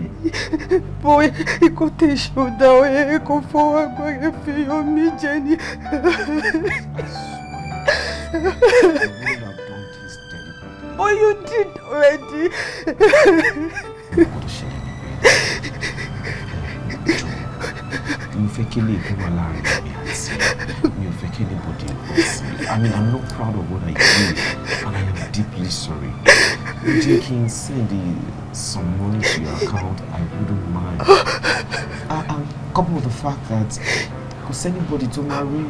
bóyá ikú tẹ ṣòdà ẹ kò fọwọ́ gbọ́dọ̀ fi omi jẹ ni. Oh, you did already.
You fẹ́ kí lè kó wà láàrin mi àti mi ò fẹ́ I mean I'm not proud of what I did and I am deeply sorry jẹ́ kí n send some money to your account I wouldn't mind uh, ah, and ah, couple with the fact that kò anybody to marry, rí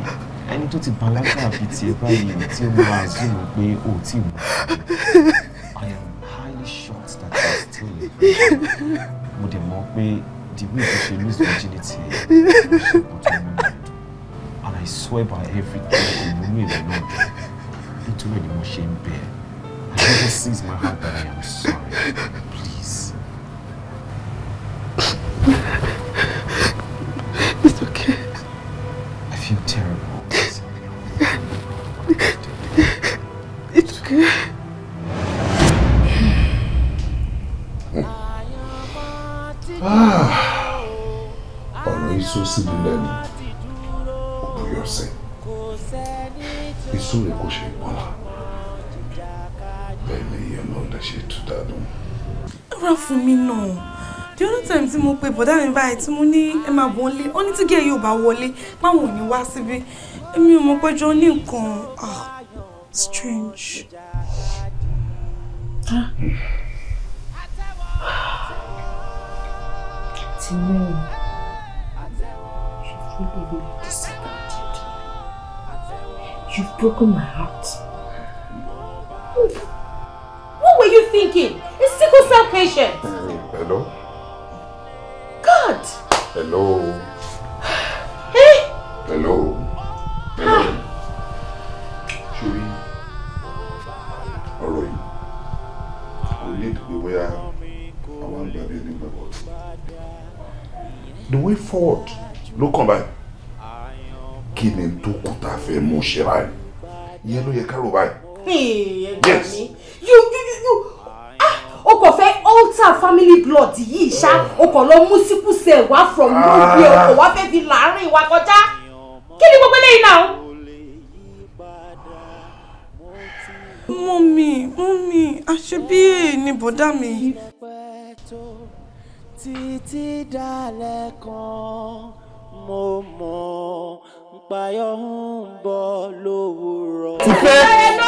ẹni tó ti bàlágà àbí tiẹ̀ báyìí tí ó máa zùmọ̀ pé ó I am highly
shocked that you still
living
mo dẹ̀ mọ̀ the way she lose
virginity, she put And
I swear by everything, Omumi know,
not into any more shame bear. I never sees my heart that I am sorry. Please.
náà the only time tí mo pe bọ̀dá mi báyìí tí mo ní ẹ máa bọ̀ lé ó ní tí gẹ̀ẹ́ yóò bá wọlé páwọn ò ní wá síbí èmi ò mọ̀ pé ní nǹkan ah strange.
you've really, disappointed. You've
broken my heart. What were you thinking? A sickle cell patient.
¿no?
wà kọjá kí ni gbogbo eléyìí náà. mọ́mì mọ́mì àṣebí ni bọ̀dá mi.
títí dalẹ̀ kan
mo mọ̀ payọ̀ ń bọ̀ lówùrọ̀. Tife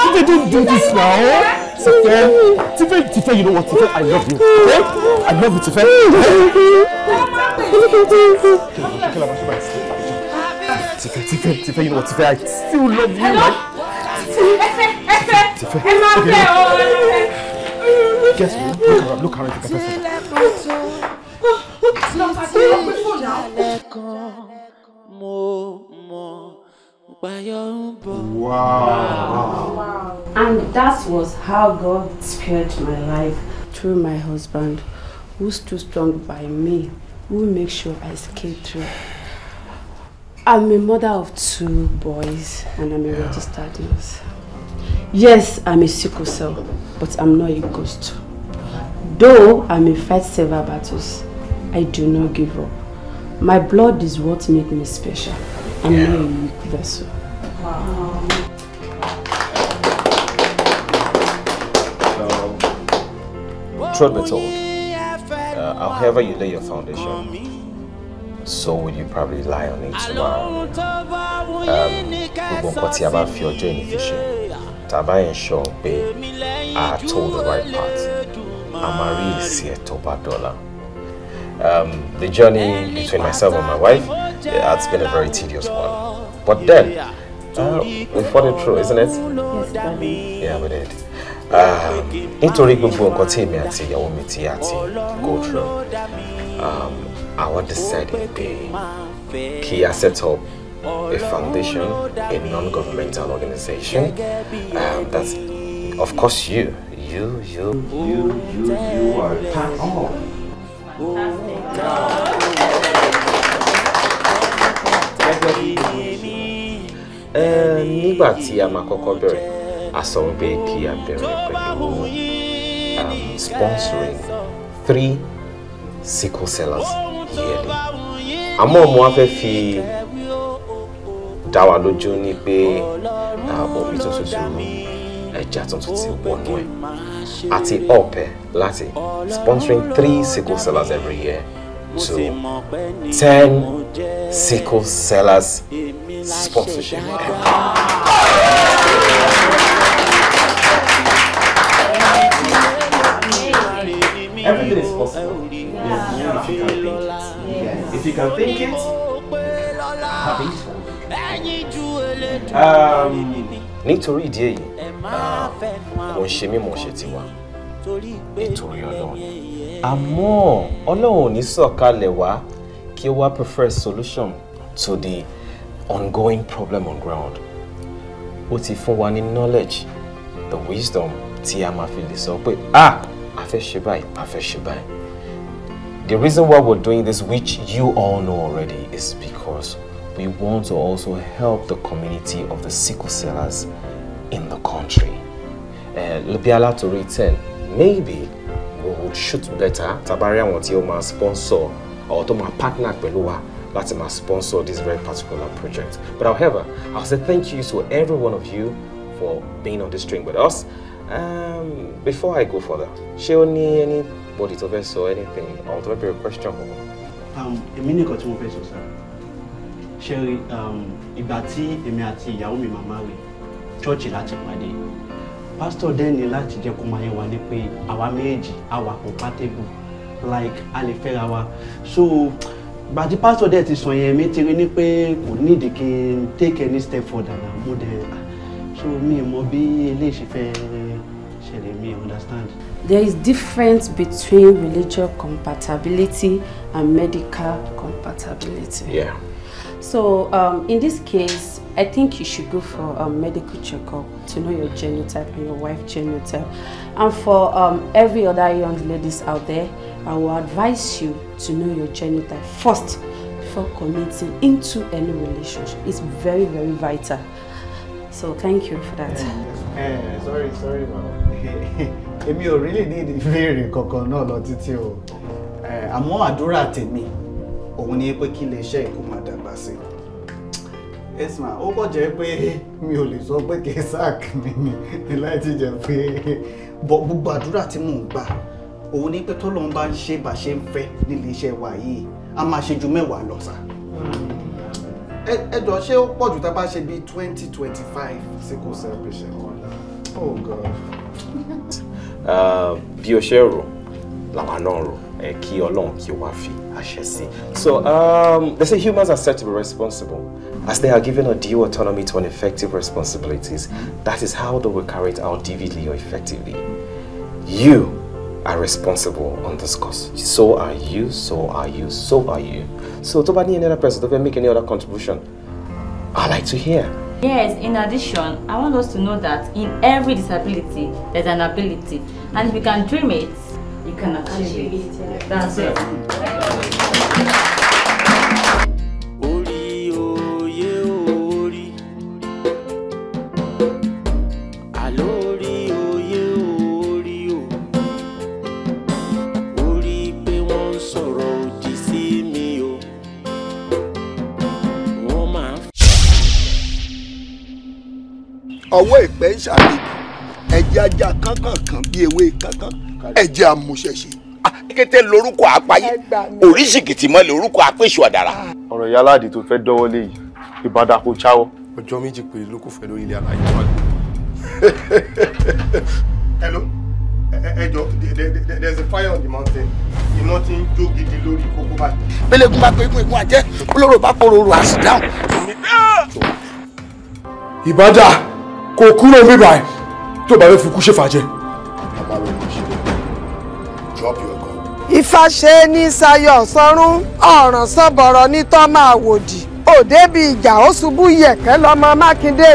Tife don't do this now Tife Tife Tife you know what
Tife I love you I love you Tife. Tife, Tife, Tife, you know what, Tife, I still
love you, man. Tife, Tife, okay.
Guess what? Look around, look around, Tife,
Tife. Wow.
And that was how God spared my life through my husband, who's too strong by me, who makes sure I escaped through. I'm a mother of two boys and I'm a yeah. registered nurse. Yes, I'm a sickle cell, but I'm not a ghost. Though I may fight several battles, I do not give up. My blood is what makes me special. I'm yeah. not a weak vessel.
Wow.
So, truth be told, uh, however you lay your foundation, so would you probably lie on it tomorrow. Um, gbogbo nǹkan tí a bá fi ọjọ́ ìní fi ṣe tá a bá ensure pé a told the right part. a máa rí èsì ẹ̀ tó bá dọ́là. Um, the journey between myself and my wife has been a very tedious one but then uh, we fought it through isn't it? Yes, darling. Yeah, we did. Um, nítorí gbogbo nǹkan tí èmi àti ìyàwó mi ti àti go through. Um, Our deciding to set a day. Kia set up a foundation, a non-governmental organization. Um, that's, of course, you. You, you, you, you, you are part of. Um, nígbà tí a máa kọ́kọ́ bẹ̀rẹ̀ a sọ wípé kí a um,
sponsoring
three sickle sellers nìyẹn àmọ́ mo wá fẹ́ fi dá wa lójú ní pé omi tuntun ti mú ẹja tuntun ti wọnú ẹ̀ àti ọ̀pẹ láti sponsoring three sickle sellers every year to ten sickle sellers sponsorship. Everything is possible you can think it, have it. Um, nítorí ìdí èyí kò ń ṣe mímọ̀ ṣe tiwa nítorí Ọlọ́run àmọ́ Ọlọ́run ò ní sọ̀kalẹ̀ wá kí ó wá prefer solution to the ongoing problem on ground ó ti fún wa ní knowledge the wisdom tí a máa fi lè sọ pé ah a fẹ́ ṣe báyìí a fẹ́ ṣe báyìí. The reason why we're doing this, which you all know already, is because we want to also help the community of the sickle sellers in the country. be allowed to return, maybe we would shoot better Tabaria wants to ó máa sponsor or tó my partner Belua. that's my sponsor this very particular project. But however, I'll say thank you to every one of you for being on this stream with us. Um, before I go further, ṣé o any anybody tó fẹ́ sọ anything àwọn tó fẹ́ béèrè question kankan.
Um, èmi nìkan tí mo fẹ́ sọ sá ṣe rí um, ìgbà tí èmi àti ìyàwó mi màmá rè
ṣọ́ọ̀ṣì láti pàdé pásítọ̀ dẹ́ni láti jẹ́ kó máa yẹ wá ní pé àwa méjì
àwa compatible like a lè fẹ́ra wa so ìgbà tí pastor dẹ́ ti sọ yẹn mi ti rí ni pé kò nídìí kí n take any step further na mo dẹ̀ ah, so mi mọ bí eléyìí ṣe fẹ́ me understand.
There is difference between religious compatibility and medical compatibility. Yeah. So um, in this case, I think you should go for a medical checkup to know your mm. genotype and your wife's genotype. And for um, every other young ladies out there, I will advise you to know your genotype first before committing into any relationship. It's very, very vital. So thank you for
that. Yeah. sorry, sorry, ma'am. èmi ò rí lè ní ìbéèrè kankan náà lọ títí o àmọ́ àdúrà tèmi òun ni pé kí iléeṣẹ́ ìkó máa dàgbà sí i esma ó kọ̀ jẹ́ pé mi ò lè sọ pé kì mi ni láì ti jẹ́ pé gbogbo àdúrà tí mò ń gbà òun ni pé tọ́lọ́run bá ń ṣe bá ṣe ń fẹ́ nílé iṣẹ́ wa yìí a máa ṣe ju mẹ́wàá lọ sá
ẹjọ ṣé ó pọ̀ jù tá a bá ṣe bíi twenty twenty five sí kò celebration. oh god. Uh, bí o ṣe rò làwa rò ẹ kí kí wá fi àṣẹ sí. so um, they say humans are said to be responsible as they are given a due autonomy to effective responsibilities that is how they will carry it out vividly or effectively you are responsible on this course. So are you, so are you, so are you. So, to any other person, to make any other contribution, I like to hear.
Yes, in addition, I want us to know that in every disability, there's an ability. And if you can dream it, you can achieve, achieve it. it. That's it.
ọwọ́ ìpẹ́ ń ṣàlejò ẹ̀jẹ̀ ajá kánkànkàn bíi ewé kánkàn ẹ̀jẹ̀ amúṣẹ́ṣe ah, kété lórúkọ àpáyé oríṣìkìtì mọ́ lórúkọ àpéṣù ọ̀dàrà. ọ̀rọ̀ ìyá aláàdì tó fẹ́ dọ́wọ́ lé yìí ìbàdàn kò cháwọ́. ọjọ́ méjì péré ló kò fẹ́ lórí ilé aláyé wá. hello ẹjọ there is a fire on the mountain iná ti ń jó gidi lórí kókó báyìí. pélékun bá pé ikú ikú àjẹ́ olóró bá pororo àṣìdáhùn. ìbàdàn kò kúrò mi báyìí tó bá fẹ́ fi kú ṣèfàjẹ́. bàbá mi
kò ṣe drop your gun. ìfàṣe ní sayọ sọrún ọ̀ràn sọ̀bọ̀rọ̀ ní tọ́
máa òde bíi ìjà ó ṣubú yẹ̀kẹ́ lọ́mọ mákindé.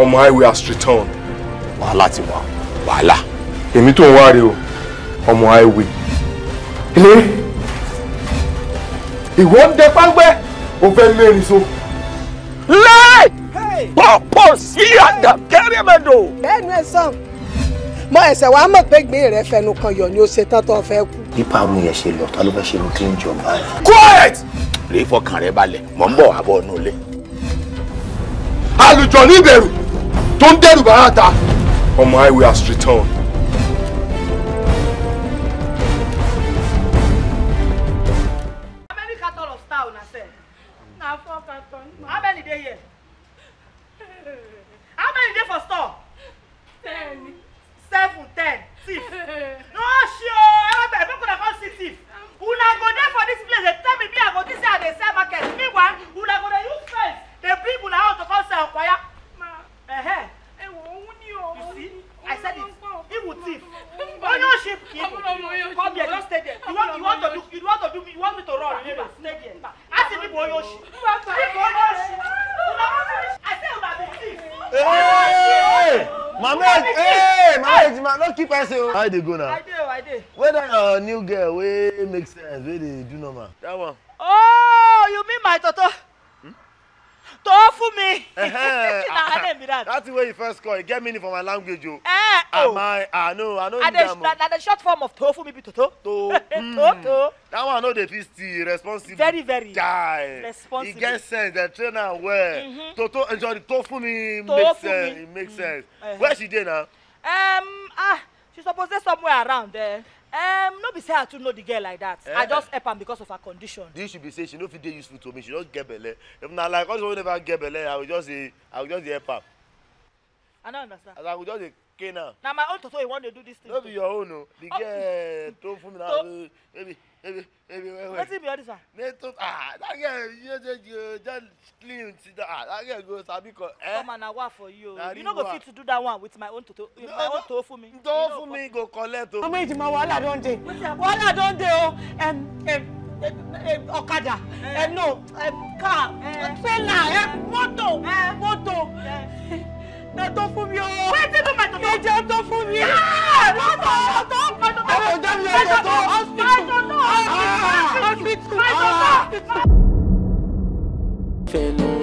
ọmọ
highway has returned wàhálà ti wà wàhálà. èmi tó ń wá rè o ọmọ highway. ilé ìwọ ń dẹ páńpẹ́ o fẹ́ mẹ́rin so. lẹ́ẹ̀ pọ́pọ́sì yí àdá kẹ́rẹ́ mẹ́dọ̀.
bẹ́ẹ̀ni ẹ sàn mọ ẹsẹ̀ wàá mọ̀ pé gbé rẹ fẹnu kan yọ ni ó ṣe tán tó fẹ́ kú.
pípa àrùn yẹn ṣe lọ ta ló fẹ́ ṣe ní kí n jọ báyìí. quiet rèé fọkàn rẹ balẹ̀ mọ̀ ń bọ̀ àbọ̀ ọ̀nà ilé. àlùjọ ní ìbẹ̀rù tó ń dẹ́rù bàrà ta.
ọmọ highway has returned.
How many dey here? thief no sure everybody people dey come see thief una go there for this place They tell me me i go think say i dey sell market meanwhile una go dey you first. The people una out to come sell nkwaya.
you see
i said it he will thief onye ship people come here just stay there you want you want to do you want to do you want me to run mba stay there ask him people onye ship people onye ship una go finish i say una be mama hey eh, mama ejima
eh, eh, no keep us. how they go now. i dey i dey. where that uh, new girl Where makes sense Where dey do normal. that one. oh you mean my toto tó fún mi. That's the way you first call. You get meaning for my language o. Eh, oh. Am I? I know. I know. And the, na, the short form of tó fún mi be toto. To. Toto. That one no dey fit still responsible. Very very. Guy. Responsible. He get sense. The trainer well. Mm-hmm. Toto enjoy eh, tó fún mi. Tó sense. mi. It makes mm. sense. Eh. Where she dey now?
Um, ah, she suppose dey somewhere around there. Um,
no be say I too know the girl like that. Eh. I just help am because of her condition.
This should be say she no fit dey useful to me. She just get belle. If na like all the people never get belle, I will just dey I will just dey help am. I no understand. As I go just dey cane am. Na my own toto you wan dey do this thing. No be your own o. The oh. girl to fun mi na maybe baby, baby, wait, wait. What's it be all this ah, that girl, you just, you just clean, sit down. Ah, that girl goes, I'll be called, eh? Come on, work for you. Nah, you no go fit to do
that one with my own toto, with no, my own tofu me. Tofu me go collect. How many jima wàhálà don dey? Wàhálà don dey o. Um, um, ọ̀kadà ẹ̀ eh. no car eh. trailer ẹ̀ mọ́tò eh. mọ́tò ẹ̀ tó fún mi o. wetin do my toto. ẹ jẹ́ tó fún ah, mọ́tò mọ́tò kọjá mi ẹ̀rọ tó. hospital hospital hospital.
fẹ́ẹ́ lọ.